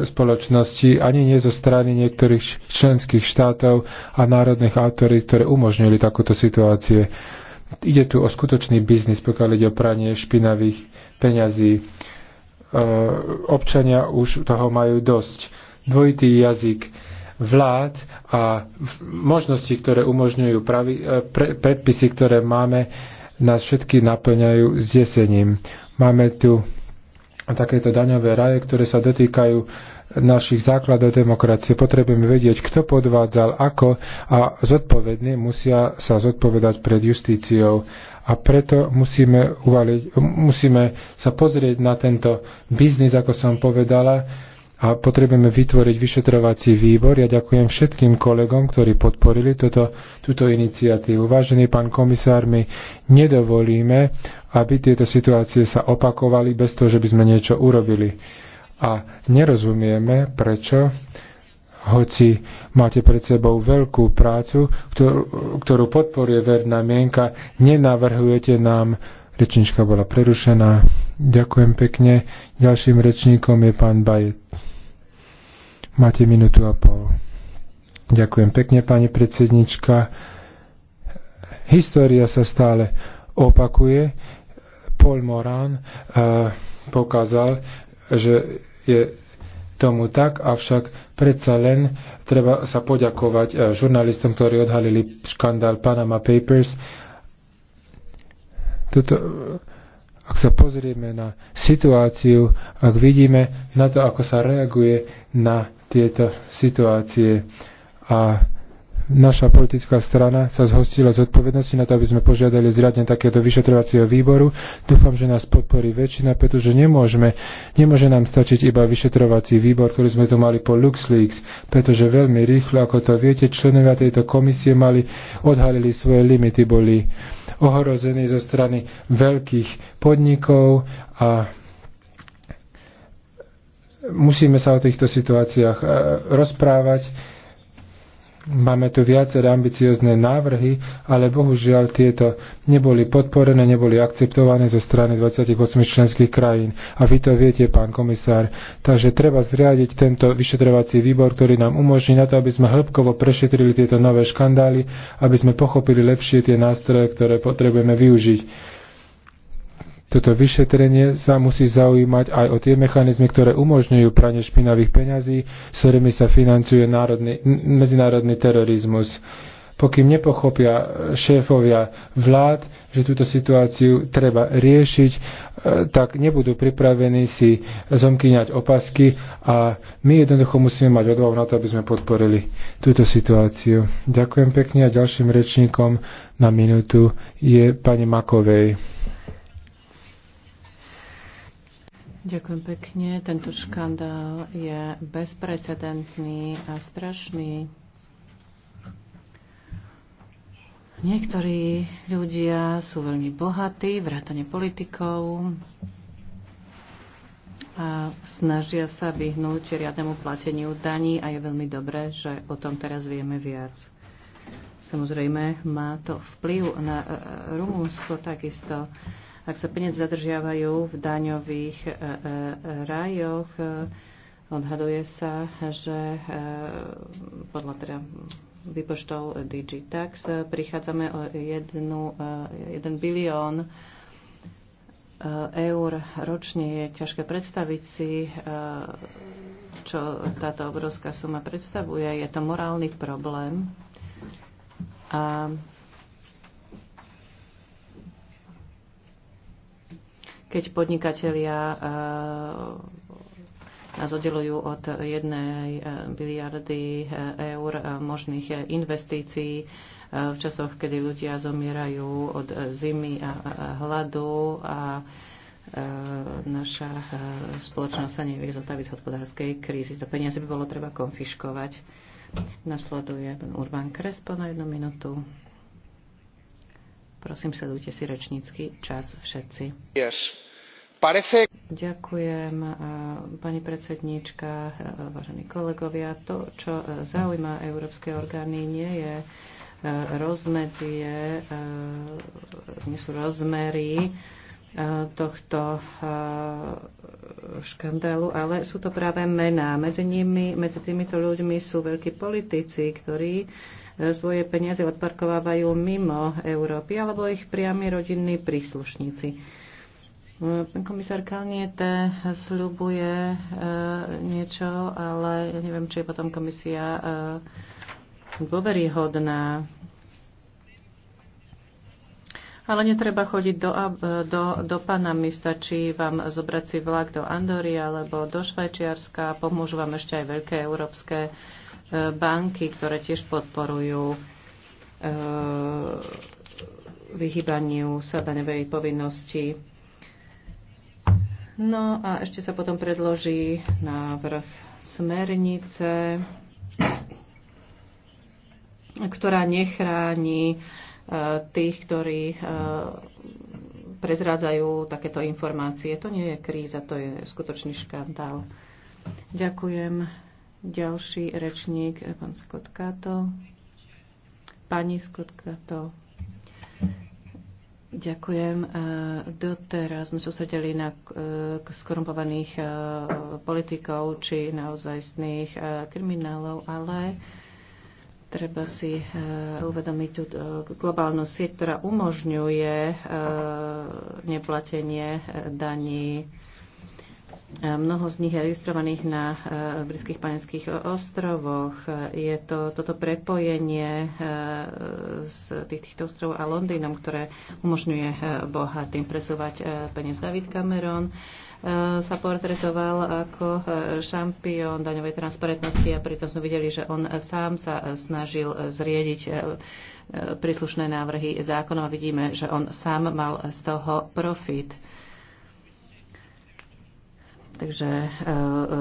spoločností, ani nie zo strany niektorých členských štátov a národných autorít, ktoré umožnili takúto situácie. Ide tu o skutočný biznis, pokiaľ ide o pranie špinavých peňazí. E, občania už toho majú dosť. Dvojitý jazyk vlád a možnosti, ktoré umožňujú pravi, e, pre, predpisy, ktoré máme, nás všetky naplňajú zjesením. Máme tu takéto daňové raje, ktoré sa dotýkajú našich základov demokracie. Potrebujeme vedieť, kto podvádzal, ako a zodpovední musia sa zodpovedať pred justíciou. A preto musíme, uvaliť, musíme sa pozrieť na tento biznis, ako som povedala, a potrebujeme vytvoriť vyšetrovací výbor. Ja ďakujem všetkým kolegom, ktorí podporili toto, túto iniciatívu. Vážený pán komisár, my nedovolíme, aby tieto situácie sa opakovali bez toho, že by sme niečo urobili a nerozumieme, prečo hoci máte pred sebou veľkú prácu, ktorú, ktorú podporuje verná mienka, nenavrhujete nám. Rečnička bola prerušená. Ďakujem pekne. Ďalším rečníkom je pán Bajet. Máte minútu a pol. Ďakujem pekne, pani predsednička. História sa stále opakuje. Paul Moran uh, eh, pokázal, že je tomu tak, avšak predsa len treba sa poďakovať e, žurnalistom, ktorí odhalili škandál Panama Papers. Tuto, e, ak sa pozrieme na situáciu, ak vidíme na to, ako sa reaguje na tieto situácie a naša politická strana sa zhostila z odpovednosti na to, aby sme požiadali zriadne takéto vyšetrovacieho výboru. Dúfam, že nás podporí väčšina, pretože nemôžeme, nemôže nám stačiť iba vyšetrovací výbor, ktorý sme tu mali po LuxLeaks, pretože veľmi rýchlo, ako to viete, členovia tejto komisie mali, odhalili svoje limity, boli ohrození zo strany veľkých podnikov a musíme sa o týchto situáciách eh, rozprávať Máme tu viaceré ambiciozne návrhy, ale bohužiaľ tieto neboli podporené, neboli akceptované zo strany 28 členských krajín. A vy to viete, pán komisár. Takže treba zriadiť tento vyšetrovací výbor, ktorý nám umožní na to, aby sme hĺbkovo prešetrili tieto nové škandály, aby sme pochopili lepšie tie nástroje, ktoré potrebujeme využiť toto vyšetrenie sa musí zaujímať aj o tie mechanizmy, ktoré umožňujú pranie špinavých peňazí, s ktorými sa financuje národný, medzinárodný terorizmus pokým nepochopia šéfovia vlád, že túto situáciu treba riešiť, e, tak nebudú pripravení si zomkyňať opasky a my jednoducho musíme mať odvahu na to, aby sme podporili túto situáciu. Ďakujem pekne a ďalším rečníkom na minútu je pani Makovej. Ďakujem pekne. Tento škandál je bezprecedentný a strašný. Niektorí ľudia sú veľmi bohatí, vrátane politikov a snažia sa vyhnúť riadnemu plateniu daní a je veľmi dobré, že o tom teraz vieme viac. Samozrejme, má to vplyv na e, e, Rumunsko takisto. Ak sa peniaze zadržiavajú v daňových e, e, rajoch, e, odhaduje sa, že podľa teda výpočtov Digitax prichádzame o jeden bilión eur ročne. Je ťažké predstaviť si, čo táto obrovská suma predstavuje. Je to morálny problém. A keď podnikatelia eh, nás oddelujú od jednej eh, biliardy eh, eur možných investícií v časoch, kedy ľudia zomierajú od zimy a hladu a naša spoločnosť sa nevie zotaviť z hospodárskej krízy. To peniaze by bolo treba konfiškovať. Nasleduje pán Urban Krespo na jednu minútu. Prosím, sledujte si rečnícky čas všetci. Yes. Parece... Ďakujem, eh, pani predsedníčka, eh, vážení kolegovia. To, čo eh, zaujíma európske orgány, nie je rozmedzie, nie sú rozmery tohto škandálu, ale sú to práve mená. Medzi, nimi, medzi týmito ľuďmi sú veľkí politici, ktorí svoje peniaze odparkovávajú mimo Európy, alebo ich priami rodinní príslušníci. Pán komisár Kalniete sľubuje eh, niečo, ale ja neviem, či je potom komisia eh, dôveryhodná. Ale netreba chodiť do, do, do Panamy, stačí vám zobrať si vlak do Andory alebo do Švajčiarska. Pomôžu vám ešte aj veľké európske eh, banky, ktoré tiež podporujú vyhybaniu sa daňovej povinnosti. No a ešte sa potom predloží návrh smernice, ktorá nechráni e, tých, ktorí e, prezrádzajú takéto informácie. To nie je kríza, to je skutočný škandál. Ďakujem. Ďalší rečník, e, pán Skotkato. Pani Skotkato. Ďakujem. Doteraz e, sme sústredili na e, skorumpovaných e, politikov či naozajstných kriminálov, ale treba si uvedomiť tú globálnu sieť, ktorá umožňuje neplatenie daní Mnoho z nich je registrovaných na eh, britských panenských ostrovoch. Je to toto prepojenie z eh, tých, týchto ostrovov a Londýnom, ktoré umožňuje eh, bohatým presúvať peniaz. David Cameron sa portretoval ako šampión daňovej transparentnosti a pritom sme videli, že on sám sa snažil zriediť príslušné návrhy zákonov a vidíme, že on sám mal z toho profit. Takže e, e,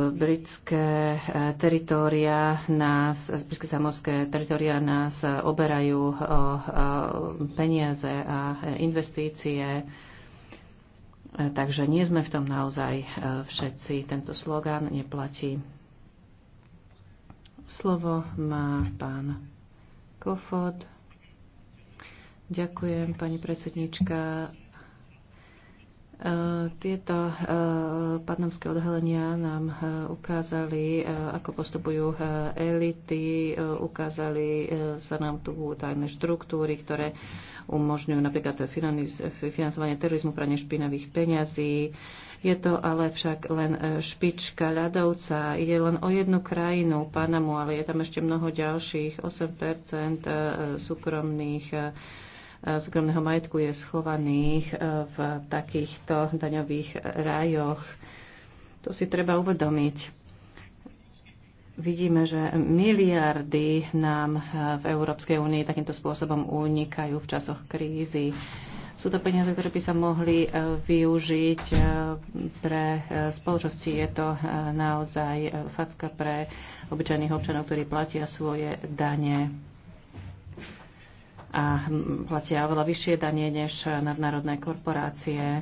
britské e, teritória nás, britské samorské teritória nás oberajú o peniaze a investície. Takže nie sme v tom naozaj všetci. Tento slogán neplatí. Slovo má pán Kofod. Ďakujem, pani predsednička. Eh, tieto eh, padnomské odhalenia nám eh, ukázali, ako postupujú elity, ukázali sa nám tu tajné štruktúry, ktoré umožňujú napríklad financovanie terorizmu, pranie špinavých peňazí. Je to ale však len špička ľadovca. Ide len o jednu krajinu, Panamu, ale je tam ešte mnoho ďalších, 8 súkromných súkromného majetku je schovaných e, v takýchto daňových rájoch. To si treba uvedomiť. Vidíme, že miliardy nám e, v Európskej únii takýmto spôsobom unikajú v časoch krízy. Sú to peniaze, ktoré by sa mohli e, využiť pre spoločnosti. Je to naozaj facka pre obyčajných občanov, ktorí platia svoje dane a platia oveľa vyššie danie než nadnárodné korporácie. E,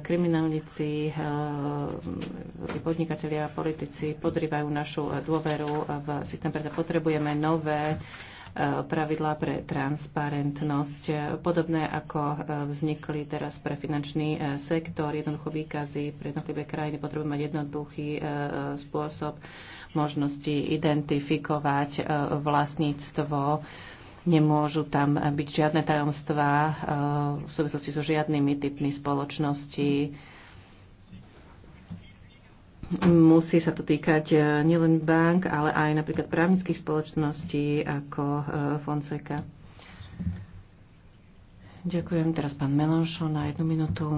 kriminálnici, e, podnikatelia a politici podrývajú našu dôveru v systém, preto potrebujeme nové e, pravidlá pre transparentnosť, podobné ako vznikli teraz pre finančný sektor, jednoducho výkazy pre jednotlivé krajiny, potrebujeme mať jednoduchý spôsob možnosti identifikovať vlastníctvo Nemôžu tam byť žiadne tajomstvá e, v súvislosti so žiadnymi typmi spoločnosti. Musí sa to týkať e, nielen bank, ale aj napríklad právnických spoločností ako e, Fonseca. Ďakujem. Teraz pán Melanchon na jednu minútu.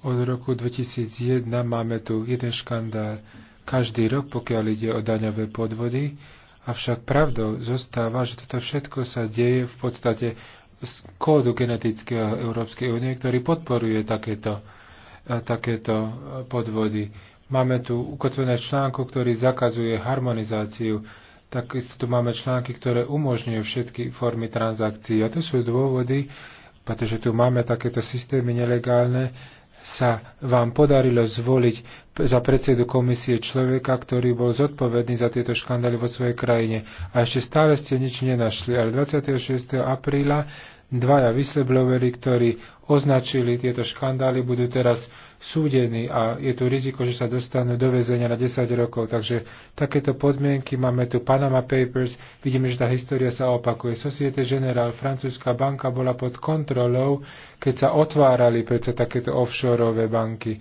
Od roku 2001 máme tu jeden škandál každý rok, pokiaľ ide o daňové podvody, avšak pravdou zostáva, že toto všetko sa deje v podstate z kódu genetického Európskej únie, ktorý podporuje takéto, e, takéto e, podvody. Máme tu ukotvené článku, ktorý zakazuje harmonizáciu. Takisto tu máme články, ktoré umožňujú všetky formy transakcií. A to sú dôvody, pretože tu máme takéto systémy nelegálne, sa vám podarilo zvoliť za predsedu komisie človeka, ktorý bol zodpovedný za tieto škandály vo svojej krajine. A ešte stále ste nič nenašli, ale 26. apríla dvaja whistleblowery, ktorí označili tieto škandály, budú teraz súdení a je tu riziko, že sa dostanú do väzenia na 10 rokov. Takže takéto podmienky máme tu Panama Papers, vidíme, že tá história sa opakuje. Societe General, francúzska banka bola pod kontrolou, keď sa otvárali predsa takéto offshoreové banky.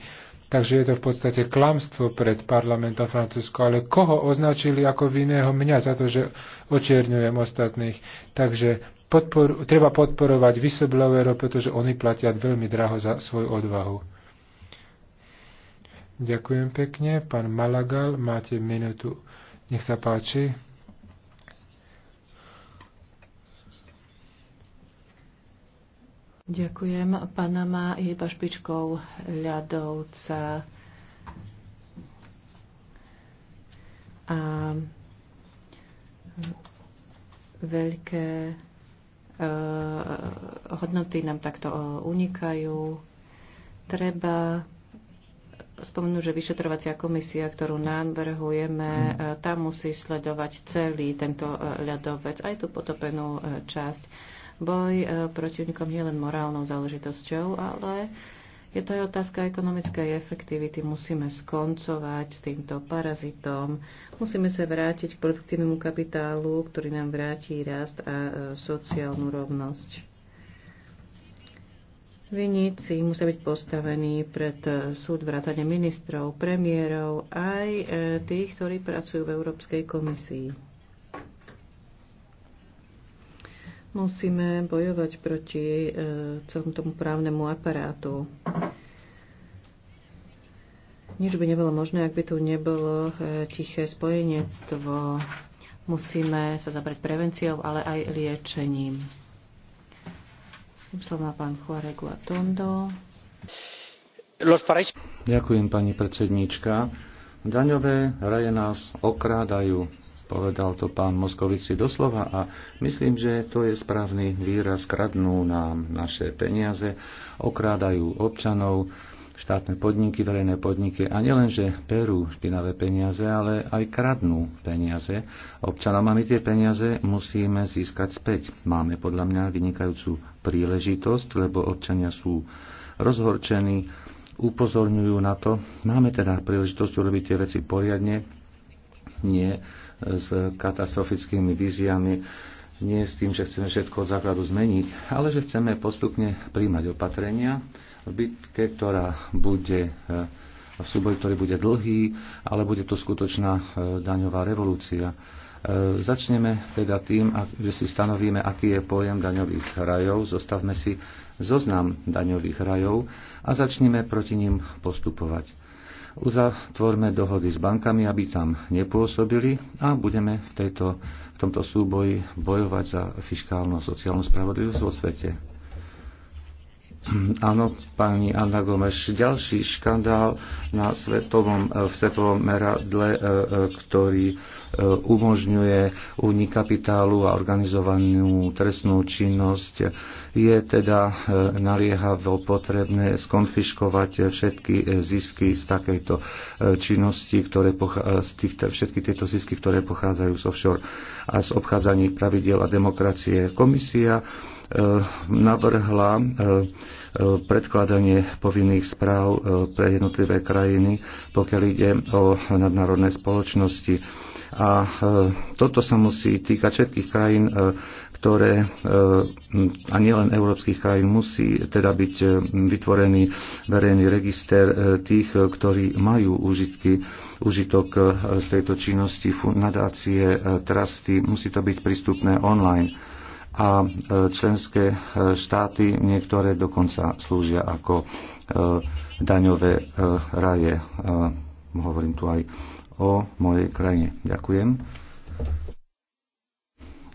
Takže je to v podstate klamstvo pred parlamentom Francúzsko. Ale koho označili ako vinného mňa za to, že očierňujem ostatných? Takže podporu, treba podporovať whistleblowerov, pretože oni platia veľmi draho za svoju odvahu. Ďakujem pekne. Pán Malagal, máte minútu. Nech sa páči. Ďakujem. Panama je iba špičkou ľadovca. A veľké e, hodnoty nám takto unikajú. Treba spomenúť, že vyšetrovacia komisia, ktorú navrhujeme, tam hmm. e, musí sledovať celý tento e, ľadovec, aj tú potopenú e, časť. Boj proti unikom nie len morálnou záležitosťou, ale je to aj otázka ekonomickej efektivity. Musíme skoncovať s týmto parazitom. Musíme sa vrátiť k produktívnemu kapitálu, ktorý nám vráti rast a sociálnu rovnosť. Viníci musia byť postavení pred súd vrátane ministrov, premiérov, aj e, tých, ktorí pracujú v Európskej komisii. Musíme bojovať proti e, celom tomu právnemu aparátu. Nič by nebolo možné, ak by tu nebolo e, tiché spojenectvo. Musíme sa zabrať prevenciou, ale aj liečením. Ďakujem, pani predsedníčka. Daňové raje nás okrádajú, povedal to pán Moskovici doslova a myslím, že to je správny výraz. Kradnú nám naše peniaze, okrádajú občanov štátne podniky, verejné podniky a nielenže perú špinavé peniaze, ale aj kradnú peniaze. Občanom a my tie peniaze musíme získať späť. Máme podľa mňa vynikajúcu príležitosť, lebo občania sú rozhorčení, upozorňujú na to. Máme teda príležitosť urobiť tie veci poriadne, nie s katastrofickými víziami, nie s tým, že chceme všetko od základu zmeniť, ale že chceme postupne príjmať opatrenia, v bitke, ktorá bude e, v súboj, ktorý bude dlhý, ale bude to skutočná e, daňová revolúcia. E, začneme teda tým, že si stanovíme, aký je pojem daňových rajov, zostavme si zoznam daňových rajov a začneme proti ním postupovať. Uzatvorme dohody s bankami, aby tam nepôsobili a budeme v, tejto, v tomto súboji bojovať za fiskálnu a sociálnu spravodlivosť vo svete. Áno, pani Anna Gomeš, ďalší škandál na svetovom, e, v svetovom meradle, e, e, ktorý umožňuje únik kapitálu a organizovanú trestnú činnosť. Je teda naliehavo potrebné skonfiškovať všetky zisky z takejto činnosti, ktoré z tých, všetky tieto zisky, ktoré pochádzajú z offshore a z obchádzaní pravidel a demokracie. Komisia E, navrhla e, e, predkladanie povinných správ pre jednotlivé krajiny, pokiaľ ide o nadnárodné spoločnosti. A toto sa musí týkať všetkých krajín, ktoré, a nielen európskych krajín, musí teda byť vytvorený verejný register tých, ktorí majú užitky, užitok z tejto činnosti, nadácie, trasty. Musí to byť prístupné online a e, členské e, štáty niektoré dokonca slúžia ako e, daňové raje. Hovorím tu aj o mojej krajine. Ďakujem.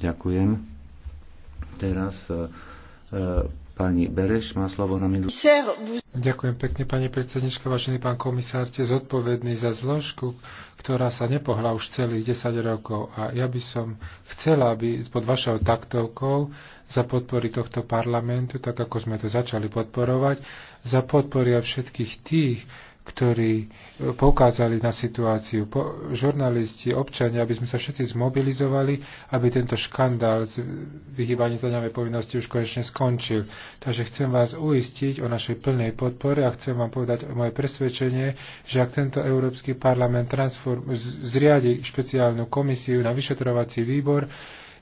Ďakujem. Teraz Pani Bereš má slovo na minútu. Ďakujem pekne, pani predsednička, vážený pán komisár, ste zodpovedný za zložku, ktorá sa nepohla už celých 10 rokov. A ja by som chcela, aby pod vašou taktovkou za podpory tohto parlamentu, tak ako sme to začali podporovať, za podpory všetkých tých, ktorí e, poukázali na situáciu. Po, žurnalisti, občania, aby sme sa všetci zmobilizovali, aby tento škandál z vyhýbaní zdaňovej povinnosti už konečne skončil. Takže chcem vás uistiť o našej plnej podpore a chcem vám povedať moje presvedčenie, že ak tento Európsky parlament transform, zriadi špeciálnu komisiu na vyšetrovací výbor,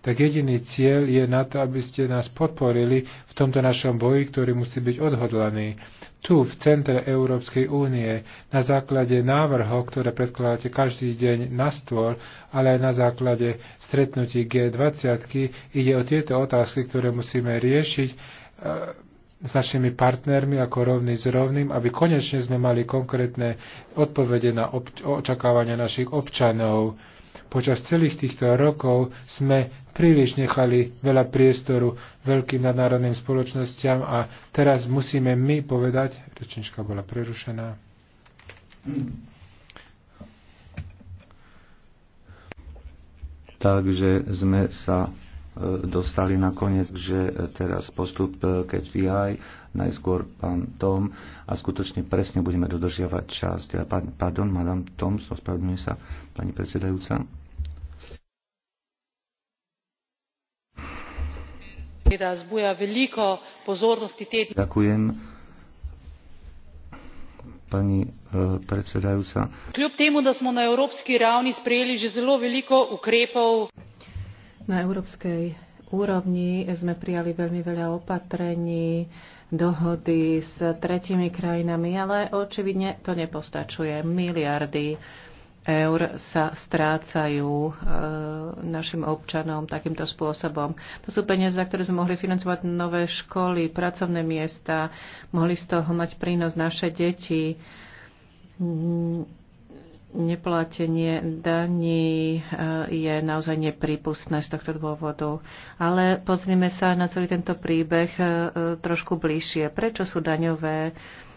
tak jediný cieľ je na to, aby ste nás podporili v tomto našom boji, ktorý musí byť odhodlaný. Tu, v centre Európskej únie, na základe návrhov, ktoré predkladáte každý deň na stôl, ale aj na základe stretnutí G20, ide o tieto otázky, ktoré musíme riešiť e, s našimi partnermi ako rovný s rovným, aby konečne sme mali konkrétne odpovede na očakávania našich občanov. Počas celých týchto rokov sme príliš nechali veľa priestoru veľkým nadnárodným spoločnosťam a teraz musíme my povedať, rečnička bola prerušená. Takže sme sa e, dostali nakoniec, že e, teraz postup keď najskôr pán Tom a skutočne presne budeme dodržiavať časť. Ja, pardon, madam Tom, ospravedlňujem sa, pani predsedajúca. seveda veliko pozornosti te. E, kljub temu, da smo na evropski ravni sprejeli že zelo veliko ukrepov. Na evropskej úrovni sme prijali veľmi veľa opatrení, dohody s tretimi krajinami, ale očividne to nepostačuje. Miliardy eur sa strácajú e, našim občanom takýmto spôsobom. To sú peniaze, za ktoré sme mohli financovať nové školy, pracovné miesta, mohli z toho mať prínos naše deti, neplatenie daní e, je naozaj nepripustné z tohto dôvodu. Ale pozrime sa na celý tento príbeh e, trošku bližšie. Prečo sú daňové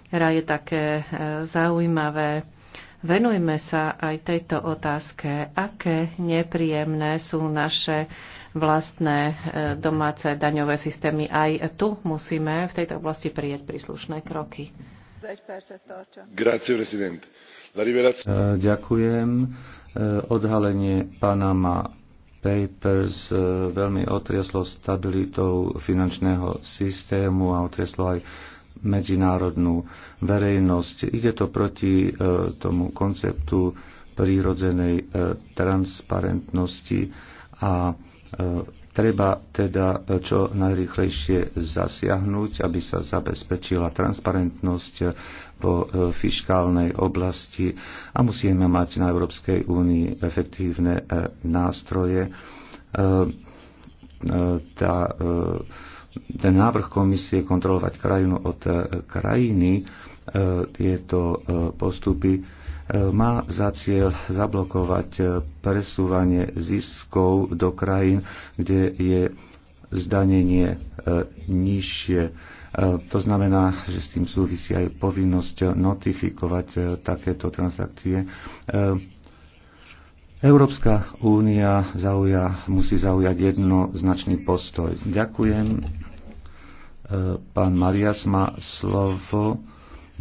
raje také e, zaujímavé? Venujme sa aj tejto otázke, aké nepríjemné sú naše vlastné e, domáce daňové systémy. Aj tu musíme v tejto oblasti prijať príslušné kroky. E, ďakujem. E, odhalenie Panama Papers veľmi otrieslo stabilitou finančného systému a otrieslo aj medzinárodnú verejnosť. Ide to proti e, tomu konceptu prírodzenej e, transparentnosti a e, treba teda čo najrychlejšie zasiahnuť, aby sa zabezpečila transparentnosť po fiškálnej oblasti a musíme mať na Európskej únii efektívne nástroje. Tá ten návrh komisie kontrolovať krajinu od e, krajiny, e, tieto e, postupy má za cieľ zablokovať presúvanie ziskov do krajín, kde je zdanenie nižšie. To znamená, že s tým súvisí aj povinnosť notifikovať takéto transakcie Európska únia zauja, musí zaujať jednoznačný postoj. Ďakujem. E, pán Marias má slovo.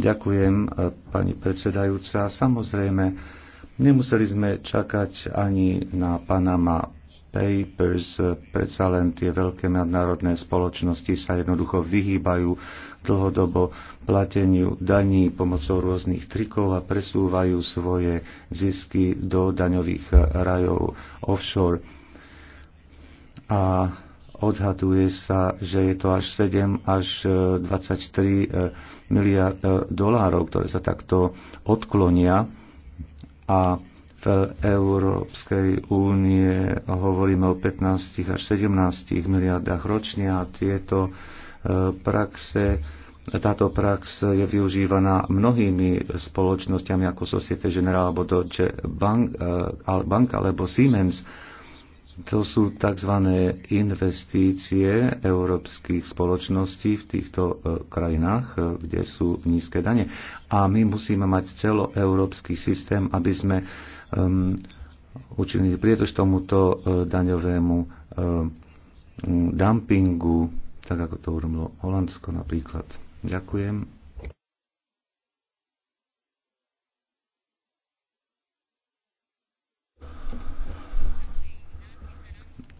Ďakujem, e, pani predsedajúca. Samozrejme, nemuseli sme čakať ani na Panama Papers. E, predsa len tie veľké nadnárodné spoločnosti sa jednoducho vyhýbajú dlhodobo plateniu daní pomocou rôznych trikov a presúvajú svoje zisky do daňových rajov offshore. A odhaduje sa, že je to až 7 až 23 e, e, miliard e, dolárov, ktoré sa takto odklonia a v Európskej únie hovoríme o 15 až 17 miliardách ročne a tieto praxe. Táto prax je využívaná mnohými spoločnosťami ako Societe Generale alebo Deutsche Bank, eh, Bank alebo Siemens. To sú tzv. investície európskych spoločností v týchto eh, krajinách, eh, kde sú nízke dane. A my musíme mať celoeurópsky systém, aby sme um, učinili prietož tomuto daňovému um, dumpingu tak ako to urobilo Holandsko napríklad. Ďakujem.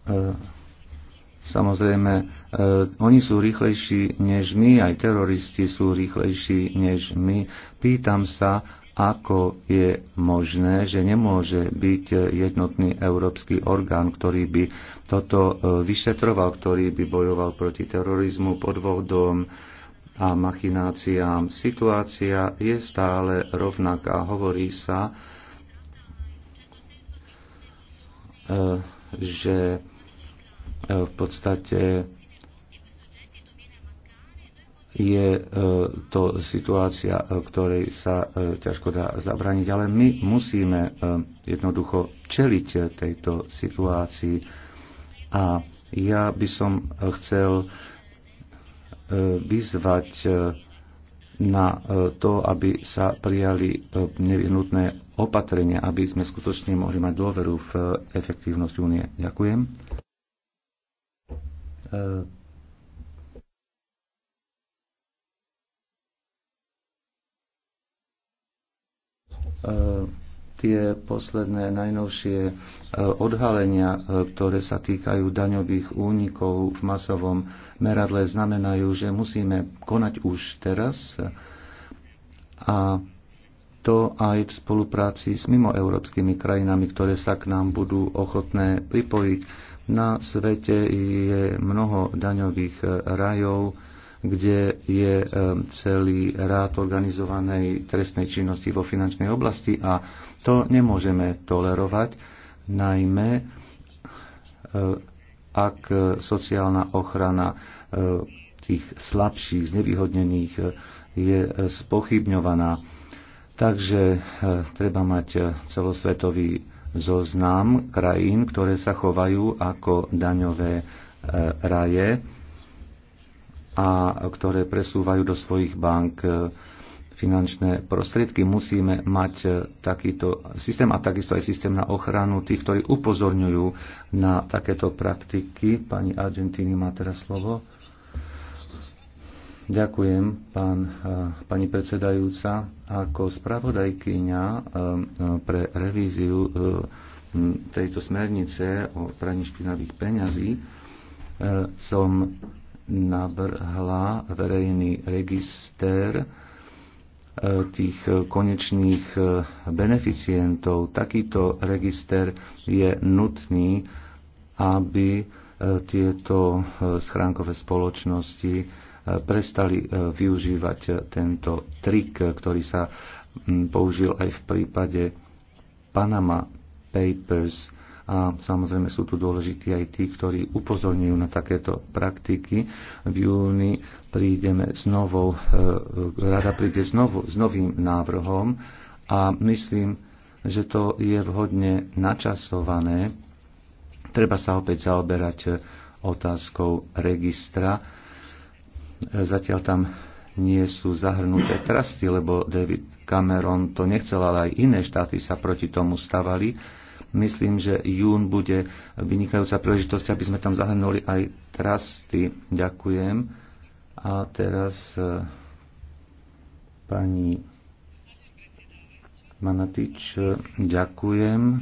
E, samozrejme, e, oni sú rýchlejší než my, aj teroristi sú rýchlejší než my. Pýtam sa, ako je možné, že nemôže byť jednotný európsky orgán, ktorý by toto e, vyšetroval, ktorý by bojoval proti terorizmu, podvodom a machináciám. Situácia je stále rovnaká. Hovorí sa, e, že e, v podstate je e, to situácia, e, ktorej sa e, ťažko dá zabraniť, ale my musíme jednoducho čeliť tejto situácii. A ja by som chcel vyzvať na to, aby sa prijali nevyhnutné opatrenia, aby sme skutočne mohli mať dôveru v efektívnosť únie. Ďakujem E, tie posledné najnovšie e, odhalenia, e, ktoré sa týkajú daňových únikov v masovom meradle, znamenajú, že musíme konať už teraz a to aj v spolupráci s mimoeurópskymi krajinami, ktoré sa k nám budú ochotné pripojiť. Na svete je mnoho daňových rajov, kde je e, celý rád organizovanej trestnej činnosti vo finančnej oblasti a to nemôžeme tolerovať, najmä e, ak sociálna ochrana e, tých slabších, znevýhodnených je spochybňovaná. Takže treba mať celosvetový zoznam krajín, ktoré sa chovajú ako daňové raje a ktoré presúvajú do svojich bank e, finančné prostriedky. Musíme mať e, takýto systém a takisto aj systém na ochranu tých, ktorí upozorňujú na takéto praktiky. Pani Argentíny má teraz slovo. Ďakujem, pán, e, pani predsedajúca. Ako spravodajkyňa pre revíziu tejto smernice o praní špinavých peňazí som navrhla verejný register e, tých konečných e, beneficientov. Takýto register je nutný, aby e, tieto schránkové spoločnosti prestali využívať tento trik, ktorý sa použil aj v prípade Panama Papers a samozrejme sú tu dôležití aj tí, ktorí upozorňujú na takéto praktiky. V júni prídeme s novou, e, rada príde s, novou, s novým návrhom a myslím, že to je vhodne načasované. Treba sa opäť zaoberať e, otázkou registra. E, zatiaľ tam nie sú zahrnuté trasty, lebo David Cameron to nechcel, ale aj iné štáty sa proti tomu stavali Myslím, že jún bude vynikajúca príležitosť, aby sme tam zahrnuli aj trasty. Ďakujem. A teraz e, pani Manatič, e, ďakujem. E,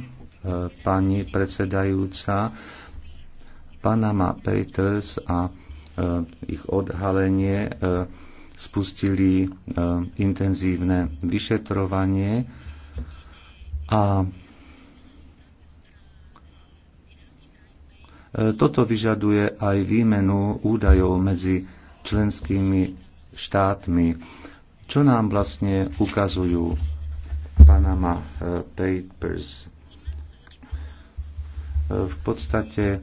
pani predsedajúca, Panama Papers a ich odhalenie spustili intenzívne vyšetrovanie a Toto vyžaduje aj výmenu údajov medzi členskými štátmi. Čo nám vlastne ukazujú Panama eh, Papers? Eh, v podstate eh,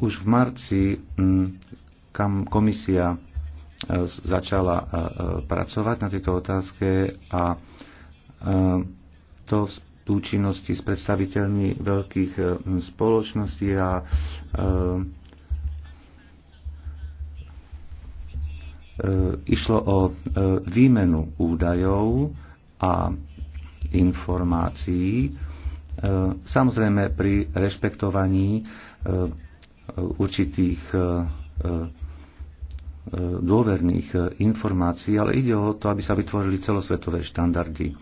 už v marci hm, kam komisia začala pracovať na tejto otázke a to súčinnosti s predstaviteľmi veľkých e, spoločností a e, e, išlo o výmenu údajov a informácií, samozrejme pri rešpektovaní určitých dôverných informácií, ale ide o to, aby sa vytvorili celosvetové štandardy.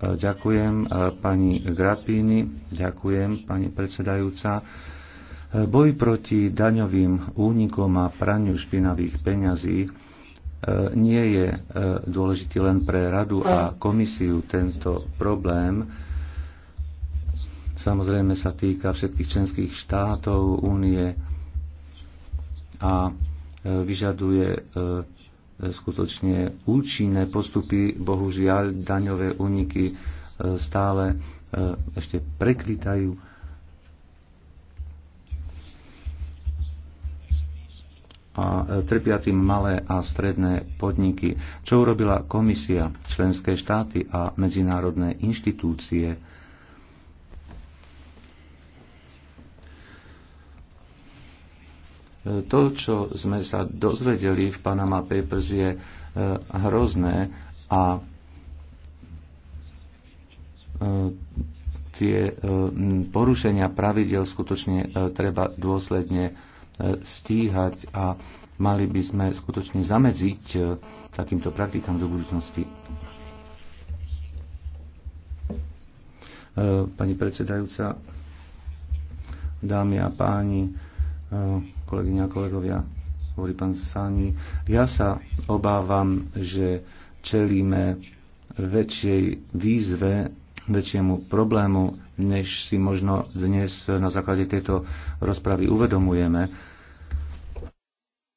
E, ďakujem e, pani Grapini, ďakujem pani predsedajúca. E, boj proti daňovým únikom a praniu špinavých peňazí nie je dôležitý len pre radu a komisiu tento problém. Samozrejme sa týka všetkých členských štátov únie a vyžaduje skutočne účinné postupy, bohužiaľ daňové úniky e, stále e, ešte prekvitajú. A e, trpia tým malé a stredné podniky. Čo urobila komisia, členské štáty a medzinárodné inštitúcie? To, čo sme sa dozvedeli v Panama Papers, je e, hrozné a e, tie e, porušenia pravidel skutočne treba dôsledne stíhať a mali by sme skutočne zamedziť takýmto praktikám do budúcnosti. Pani predsedajúca, dámy a páni, Eh, kolegyňa a kolegovia, hovorí pán Sáni. Ja sa obávam, že čelíme väčšej výzve, väčšiemu problému, než si možno dnes na základe tejto rozpravy uvedomujeme.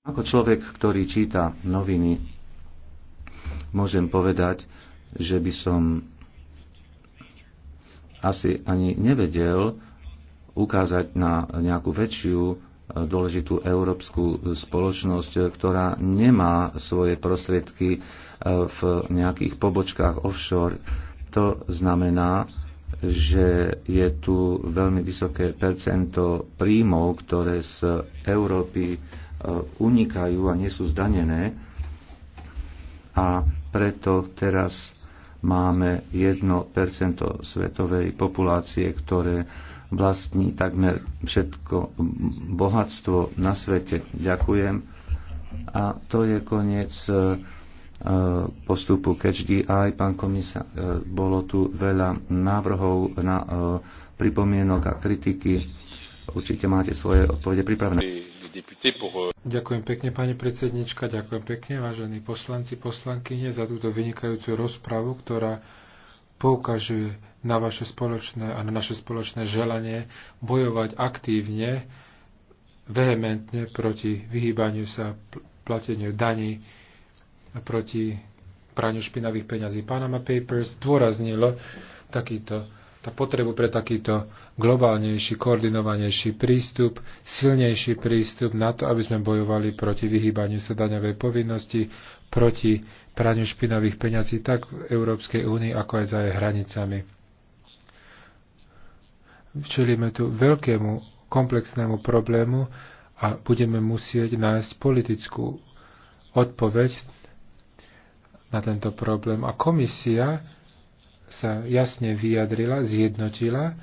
Ako človek, ktorý číta noviny, môžem povedať, že by som asi ani nevedel ukázať na nejakú väčšiu dôležitú európsku spoločnosť, ktorá nemá svoje prostriedky e, v nejakých pobočkách offshore. To znamená, že je tu veľmi vysoké percento príjmov, ktoré z Európy e, unikajú a nie sú zdanené. A preto teraz máme 1% svetovej populácie, ktoré vlastní takmer všetko bohatstvo na svete. Ďakujem. A to je koniec e, e, postupu Catch aj Pán komisár, e, bolo tu veľa návrhov na pripomienok a kritiky. Určite máte svoje odpovede pripravené. Ďakujem pekne, pani predsednička, ďakujem pekne, vážení poslanci, poslankyne, za túto vynikajúcu rozpravu, ktorá poukažuje na vaše spoločné a na naše spoločné želanie bojovať aktívne, vehementne proti vyhýbaniu sa plateniu daní a proti praniu špinavých peňazí. Panama Papers dôraznil takýto, tá potrebu pre takýto globálnejší, koordinovanejší prístup, silnejší prístup na to, aby sme bojovali proti vyhýbaniu sa daňovej povinnosti, proti praniu špinavých peňazí tak v Európskej únii, ako aj za jej hranicami. Čelíme tu veľkému komplexnému problému a budeme musieť nájsť politickú odpoveď na tento problém. A komisia sa jasne vyjadrila, zjednotila.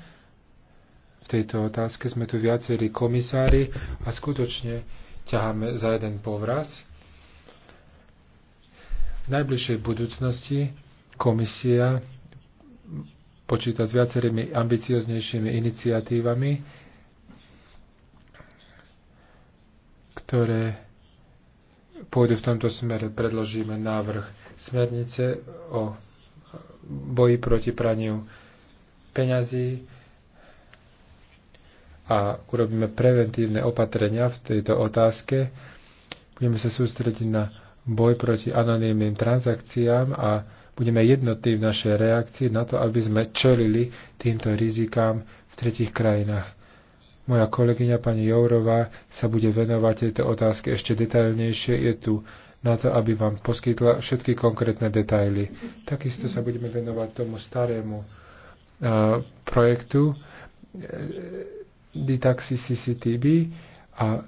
V tejto otázke sme tu viacerí komisári a skutočne ťaháme za jeden povraz v najbližšej budúcnosti komisia počíta s viacerými ambicioznejšími iniciatívami, ktoré pôjdu v tomto smere. Predložíme návrh smernice o boji proti praniu peňazí a urobíme preventívne opatrenia v tejto otázke. Budeme sa sústrediť na boj proti anonymným transakciám a budeme jednotní v našej reakcii na to, aby sme čelili týmto rizikám v tretich krajinách. Moja kolegyňa pani Jourová sa bude venovať tejto otázke ešte detailnejšie. Je tu na to, aby vám poskytla všetky konkrétne detaily. Takisto sa budeme venovať tomu starému uh, projektu uh, Ditaxi CCTB a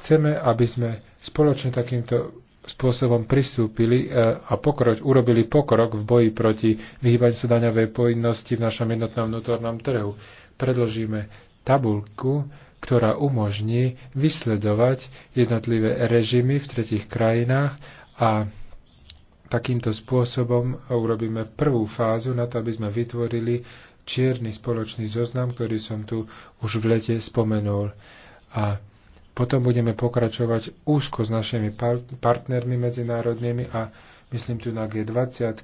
chceme, aby sme spoločne takýmto spôsobom pristúpili e, a pokroč, urobili pokrok v boji proti vyhýbaniu sa daňovej povinnosti v našom jednotnom vnútornom trhu. Predložíme tabulku, ktorá umožní vysledovať jednotlivé režimy v tretich krajinách a takýmto spôsobom urobíme prvú fázu na to, aby sme vytvorili čierny spoločný zoznam, ktorý som tu už v lete spomenul. A potom budeme pokračovať úzko s našimi partnermi medzinárodnými a myslím tu na G20,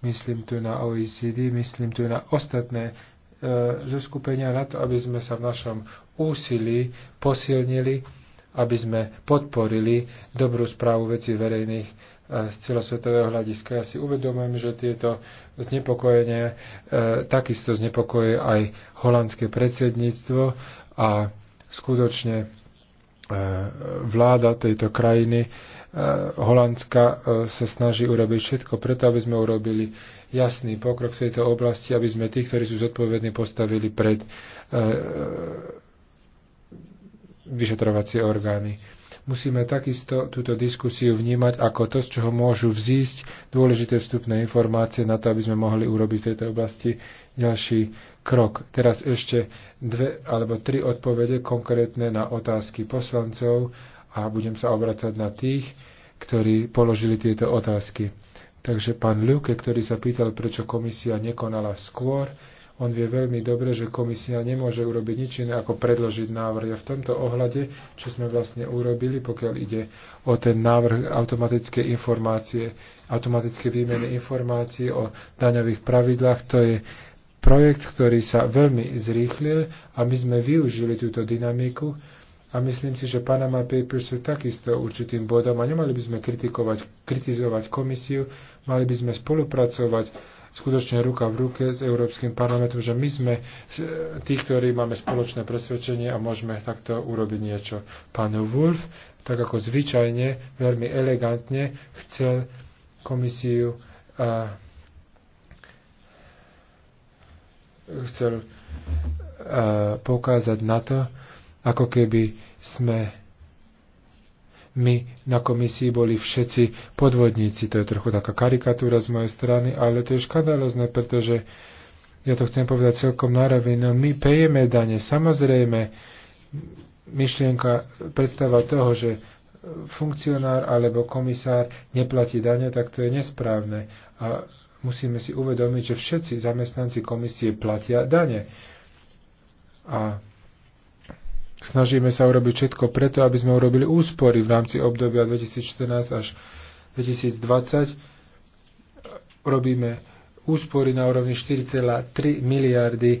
myslím tu na OECD, myslím tu na ostatné e, zoskupenia na to, aby sme sa v našom úsilí posilnili, aby sme podporili dobrú správu veci verejných e, z celosvetového hľadiska. Ja si uvedomujem, že tieto znepokojenie e, takisto znepokoje aj holandské predsedníctvo a skutočne E, vláda tejto krajiny e, Holandska e, sa snaží urobiť všetko preto, aby sme urobili jasný pokrok v tejto oblasti, aby sme tých, ktorí sú zodpovední, postavili pred vyšetrovacie orgány. Musíme takisto túto diskusiu vnímať ako to, z čoho môžu vzísť dôležité vstupné informácie na to, aby sme mohli urobiť v tejto oblasti ďalší krok. Teraz ešte dve alebo tri odpovede konkrétne na otázky poslancov a budem sa obracať na tých, ktorí položili tieto otázky. Takže pán Luke, ktorý sa pýtal, prečo komisia nekonala skôr, on vie veľmi dobre, že komisia nemôže urobiť nič iné, ako predložiť návrh. A v tomto ohľade, čo sme vlastne urobili, pokiaľ ide o ten návrh automatickej informácie, automatické výmeny informácií o daňových pravidlách, to je projekt, ktorý sa veľmi zrýchlil a my sme využili túto dynamiku a myslím si, že Panama Papers sú takisto určitým bodom a nemali by sme kritikovať, kritizovať komisiu, mali by sme spolupracovať skutočne ruka v ruke s Európskym parlamentom, že my sme e, tí, ktorí máme spoločné presvedčenie a môžeme takto urobiť niečo. Pán Wolf, tak ako zvyčajne, veľmi elegantne chcel komisiu uh, chcel e, poukázať na to, ako keby sme my na komisii boli všetci podvodníci. To je trochu taká karikatúra z mojej strany, ale to je škandalozne, pretože ja to chcem povedať celkom narovino. My pejeme dane, samozrejme, myšlienka, predstava toho, že funkcionár alebo komisár neplatí dane, tak to je nesprávne. A Musíme si uvedomiť, že všetci zamestnanci komisie platia dane. A snažíme sa urobiť všetko preto, aby sme urobili úspory v rámci obdobia 2014 až 2020. Robíme úspory na úrovni 4,3 miliardy e,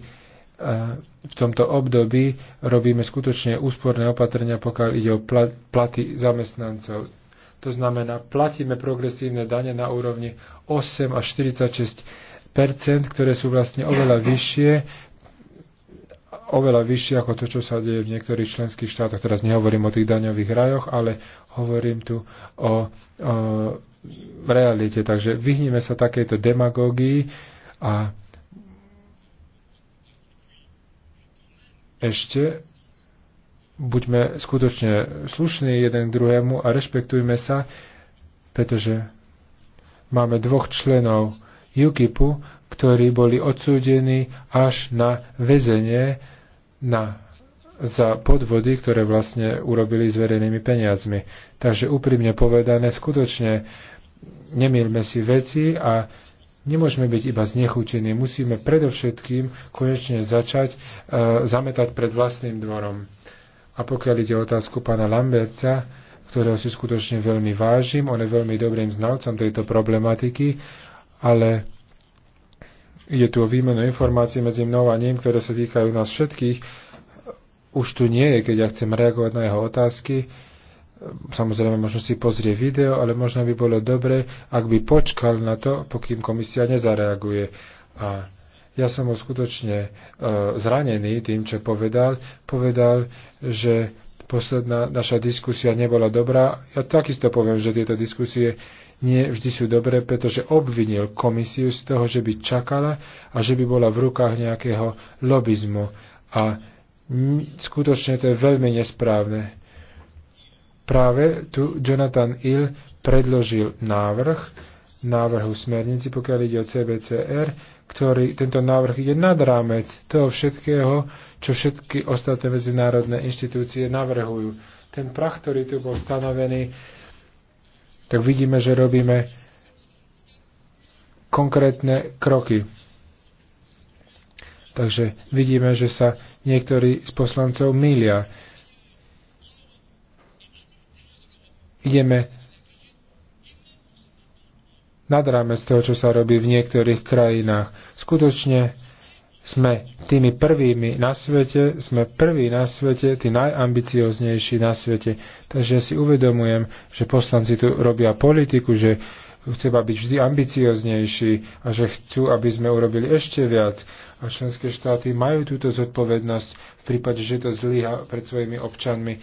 v tomto období robíme skutočne úsporné opatrenia, pokiaľ ide o platy zamestnancov. To znamená, platíme progresívne dane na úrovni 8 až 46 ktoré sú vlastne oveľa vyššie, oveľa vyššie ako to, čo sa deje v niektorých členských štátoch. Teraz nehovorím o tých daňových rajoch, ale hovorím tu o, o realite. Takže vyhnime sa takejto demagógii a ešte buďme skutočne slušní jeden k druhému a rešpektujme sa, pretože máme dvoch členov UKIPu, ktorí boli odsúdení až na väzenie na, za podvody, ktoré vlastne urobili s verejnými peniazmi. Takže úprimne povedané, skutočne nemilme si veci a Nemôžeme byť iba znechutení, musíme predovšetkým konečne začať e, zametať pred vlastným dvorom. A pokiaľ ide o otázku pána Lamberca, ktorého si skutočne veľmi vážim, on je veľmi dobrým znalcom tejto problematiky, ale je tu o výmenu informácií medzi mnou a ním, ktoré sa týkajú nás všetkých. Už tu nie je, keď ja chcem reagovať na jeho otázky. Samozrejme, možno si pozrie video, ale možno by bolo dobre, ak by počkal na to, pokým komisia nezareaguje. A ja som ho skutočne e, zranený tým, čo povedal. Povedal, že posledná naša diskusia nebola dobrá. Ja takisto poviem, že tieto diskusie nie vždy sú dobré, pretože obvinil komisiu z toho, že by čakala a že by bola v rukách nejakého lobizmu. A skutočne to je veľmi nesprávne. Práve tu Jonathan Hill predložil návrh, návrhu smernici, pokiaľ ide o CBCR, ktorý tento návrh ide nad rámec toho všetkého, čo všetky ostatné medzinárodné inštitúcie navrhujú. Ten prach, ktorý tu bol stanovený, tak vidíme, že robíme konkrétne kroky. Takže vidíme, že sa niektorí z poslancov mília. Ideme nad rámec toho, čo sa robí v niektorých krajinách. Skutočne sme tými prvými na svete, sme prví na svete, tí najambicioznejší na svete. Takže si uvedomujem, že poslanci tu robia politiku, že treba byť vždy ambicioznejší a že chcú, aby sme urobili ešte viac. A členské štáty majú túto zodpovednosť v prípade, že to zlyha pred svojimi občanmi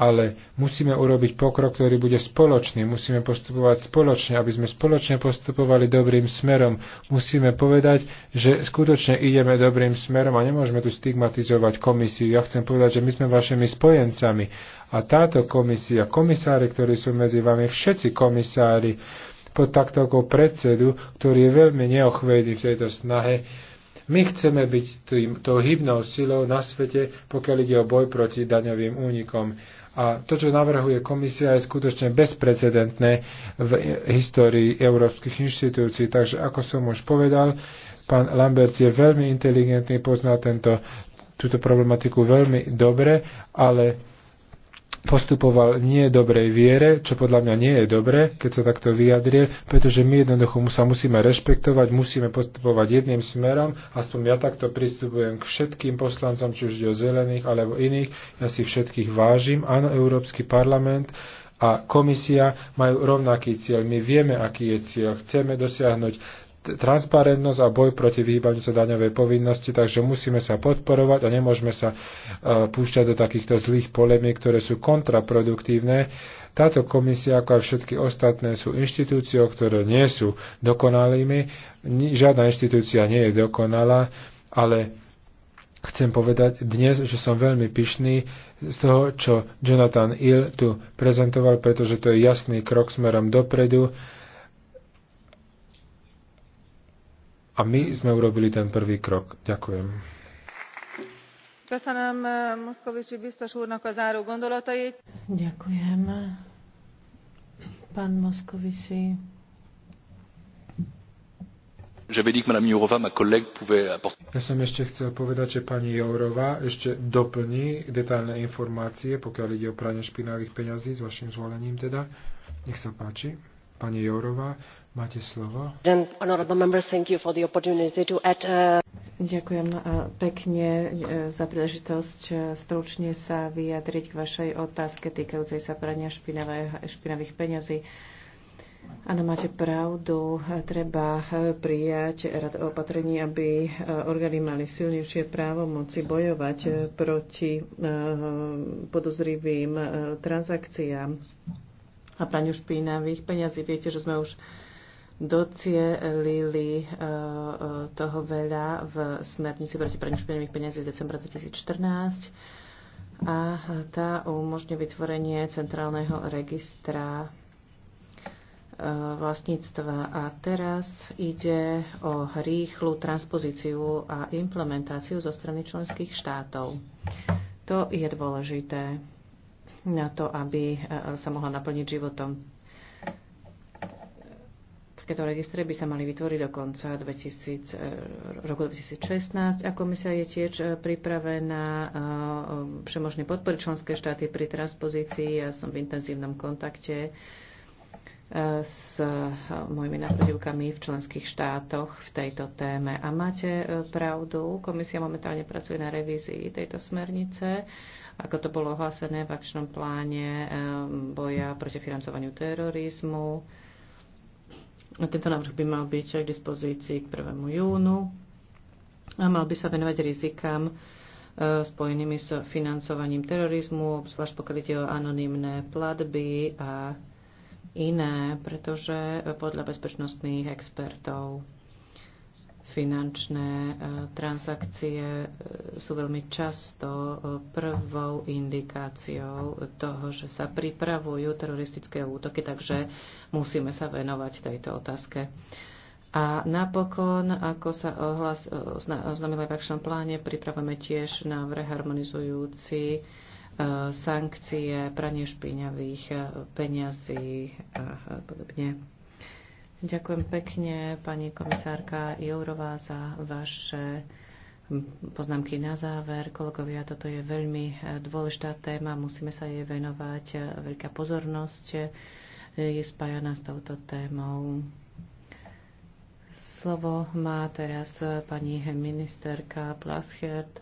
ale musíme urobiť pokrok, ktorý bude spoločný. Musíme postupovať spoločne, aby sme spoločne postupovali dobrým smerom. Musíme povedať, že skutočne ideme dobrým smerom a nemôžeme tu stigmatizovať komisiu. Ja chcem povedať, že my sme vašimi spojencami. A táto komisia, komisári, ktorí sú medzi vami, všetci komisári pod takto predsedu, ktorý je veľmi neochvejný v tejto snahe, my chceme byť tým, tou hybnou silou na svete, pokiaľ ide o boj proti daňovým únikom. A to, čo navrhuje komisia, je skutočne bezprecedentné v histórii európskych inštitúcií. Takže, ako som už povedal, pán Lambert je veľmi inteligentný, pozná tento, túto problematiku veľmi dobre, ale postupoval nie dobrej viere, čo podľa mňa nie je dobre, keď sa takto vyjadril, pretože my jednoducho sa musíme rešpektovať, musíme postupovať jedným smerom, aspoň ja takto pristupujem k všetkým poslancom, či už ide o zelených alebo iných, ja si všetkých vážim. Áno, Európsky parlament a komisia majú rovnaký cieľ. My vieme, aký je cieľ. Chceme dosiahnuť transparentnosť a boj proti vyhýbaniu sa daňovej povinnosti, takže musíme sa podporovať a nemôžeme sa e, púšťať do takýchto zlých polemiek, ktoré sú kontraproduktívne. Táto komisia, ako aj všetky ostatné, sú inštitúciou, ktoré nie sú dokonalými. Žiadna inštitúcia nie je dokonalá, ale chcem povedať dnes, že som veľmi pyšný z toho, čo Jonathan Hill tu prezentoval, pretože to je jasný krok smerom dopredu A my sme urobili ten prvý krok. Ďakujem. Köszönöm eh, Moszkovicsi biztos úrnak a záró gondolatait. Ďakujem. Pán Moszkovicsi. J'avais dit que Madame Jourova, ma collègue, pouvait apporter. Ja som ešte chcel povedať, že pani Jourova ešte doplní detailné informácie, pokiaľ ide o pranie špinavých peňazí, s vašim zvolením teda. Nech sa páči, pani Jourova. Máte slovo. Uh, Ďakujem uh, pekne uh, za príležitosť stručne sa vyjadriť k vašej otázke týkajúcej sa prania špinavých peňazí. Áno, máte pravdu. Treba prijať rad opatrení, aby orgány mali silnejšie moci bojovať proti podozrivým transakciám a praniu špinavých peňazí. Viete, že sme už docielili eh, eh, toho veľa v smernici proti praniu špinavých peniazí z decembra 2014 a tá umožňuje vytvorenie centrálneho registra eh, vlastníctva. A teraz ide o rýchlu transpozíciu a implementáciu zo strany členských štátov. To je dôležité na to, aby sa mohla naplniť životom Takéto registre by sa mali vytvoriť do konca 2000, e, roku 2016 a komisia je tiež e, pripravená e, všemožne podpory členské štáty pri transpozícii. Ja som v intenzívnom kontakte s mojimi naprotivkami v členských štátoch v tejto téme. A máte pravdu, komisia momentálne pracuje na revízii tejto smernice, ako to bolo ohlásené v akčnom pláne boja proti financovaniu terorizmu tento návrh by mal byť k dispozícii k 1. júnu a mal by sa venovať rizikám e, spojenými s financovaním terorizmu, zvlášť pokiaľ ide o anonimné platby a iné, pretože podľa bezpečnostných expertov Finančné e, transakcie e, sú veľmi často e, prvou indikáciou toho, že sa pripravujú teroristické útoky, takže musíme sa venovať tejto otázke. A napokon, ako sa ohlas, oznámila v akčnom pláne, pripravujeme tiež návrh harmonizujúci sankcie, pranie špíňavých peňazí a podobne. Ďakujem pekne, pani komisárka Jourová, za vaše poznámky na záver. Kolegovia, toto je veľmi eh, dôležitá téma, musíme sa jej venovať. Eh, veľká pozornosť eh, je spájaná s touto témou. Slovo má teraz pani ministerka Plaschert,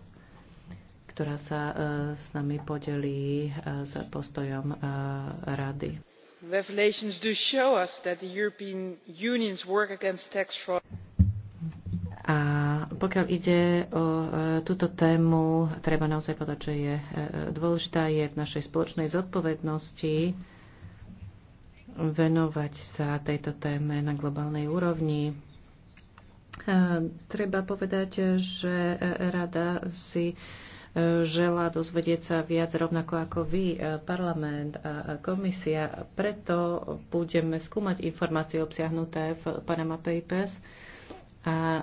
ktorá sa s nami podelí s postojom rady revelations do show us that the European Union's work against tax fraud a pokiaľ ide o e, túto tému, treba naozaj povedať, že je e, e, dôležitá, je v našej spoločnej zodpovednosti venovať sa tejto téme na globálnej úrovni. Treba povedať, že rada si žela dozvedieť sa viac rovnako ako vy, e, parlament a komisia. Preto budeme skúmať informácie obsiahnuté v Panama Papers a e,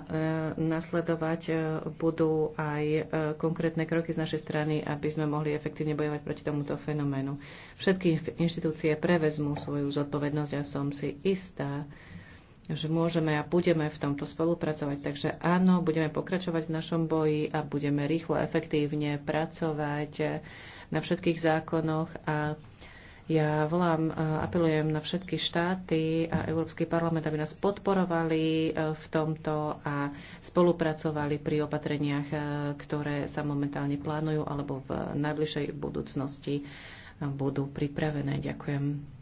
nasledovať e, budú aj konkrétne kroky z našej strany, aby sme mohli efektívne bojovať proti tomuto fenoménu. Všetky inštitúcie prevezmú svoju zodpovednosť a ja som si istá, že môžeme a budeme v tomto spolupracovať. Takže áno, budeme pokračovať v našom boji a budeme rýchlo, efektívne pracovať eh, na všetkých zákonoch a ja volám, eh, apelujem na všetky štáty a Európsky parlament, aby nás podporovali eh, v tomto a spolupracovali pri opatreniach, ktoré sa momentálne plánujú alebo v najbližšej budúcnosti budú pripravené. Ďakujem.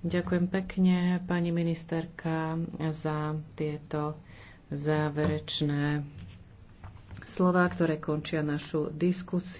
Ďakujem pekne, pani ministerka, za tieto záverečné slova, ktoré končia našu diskusiu.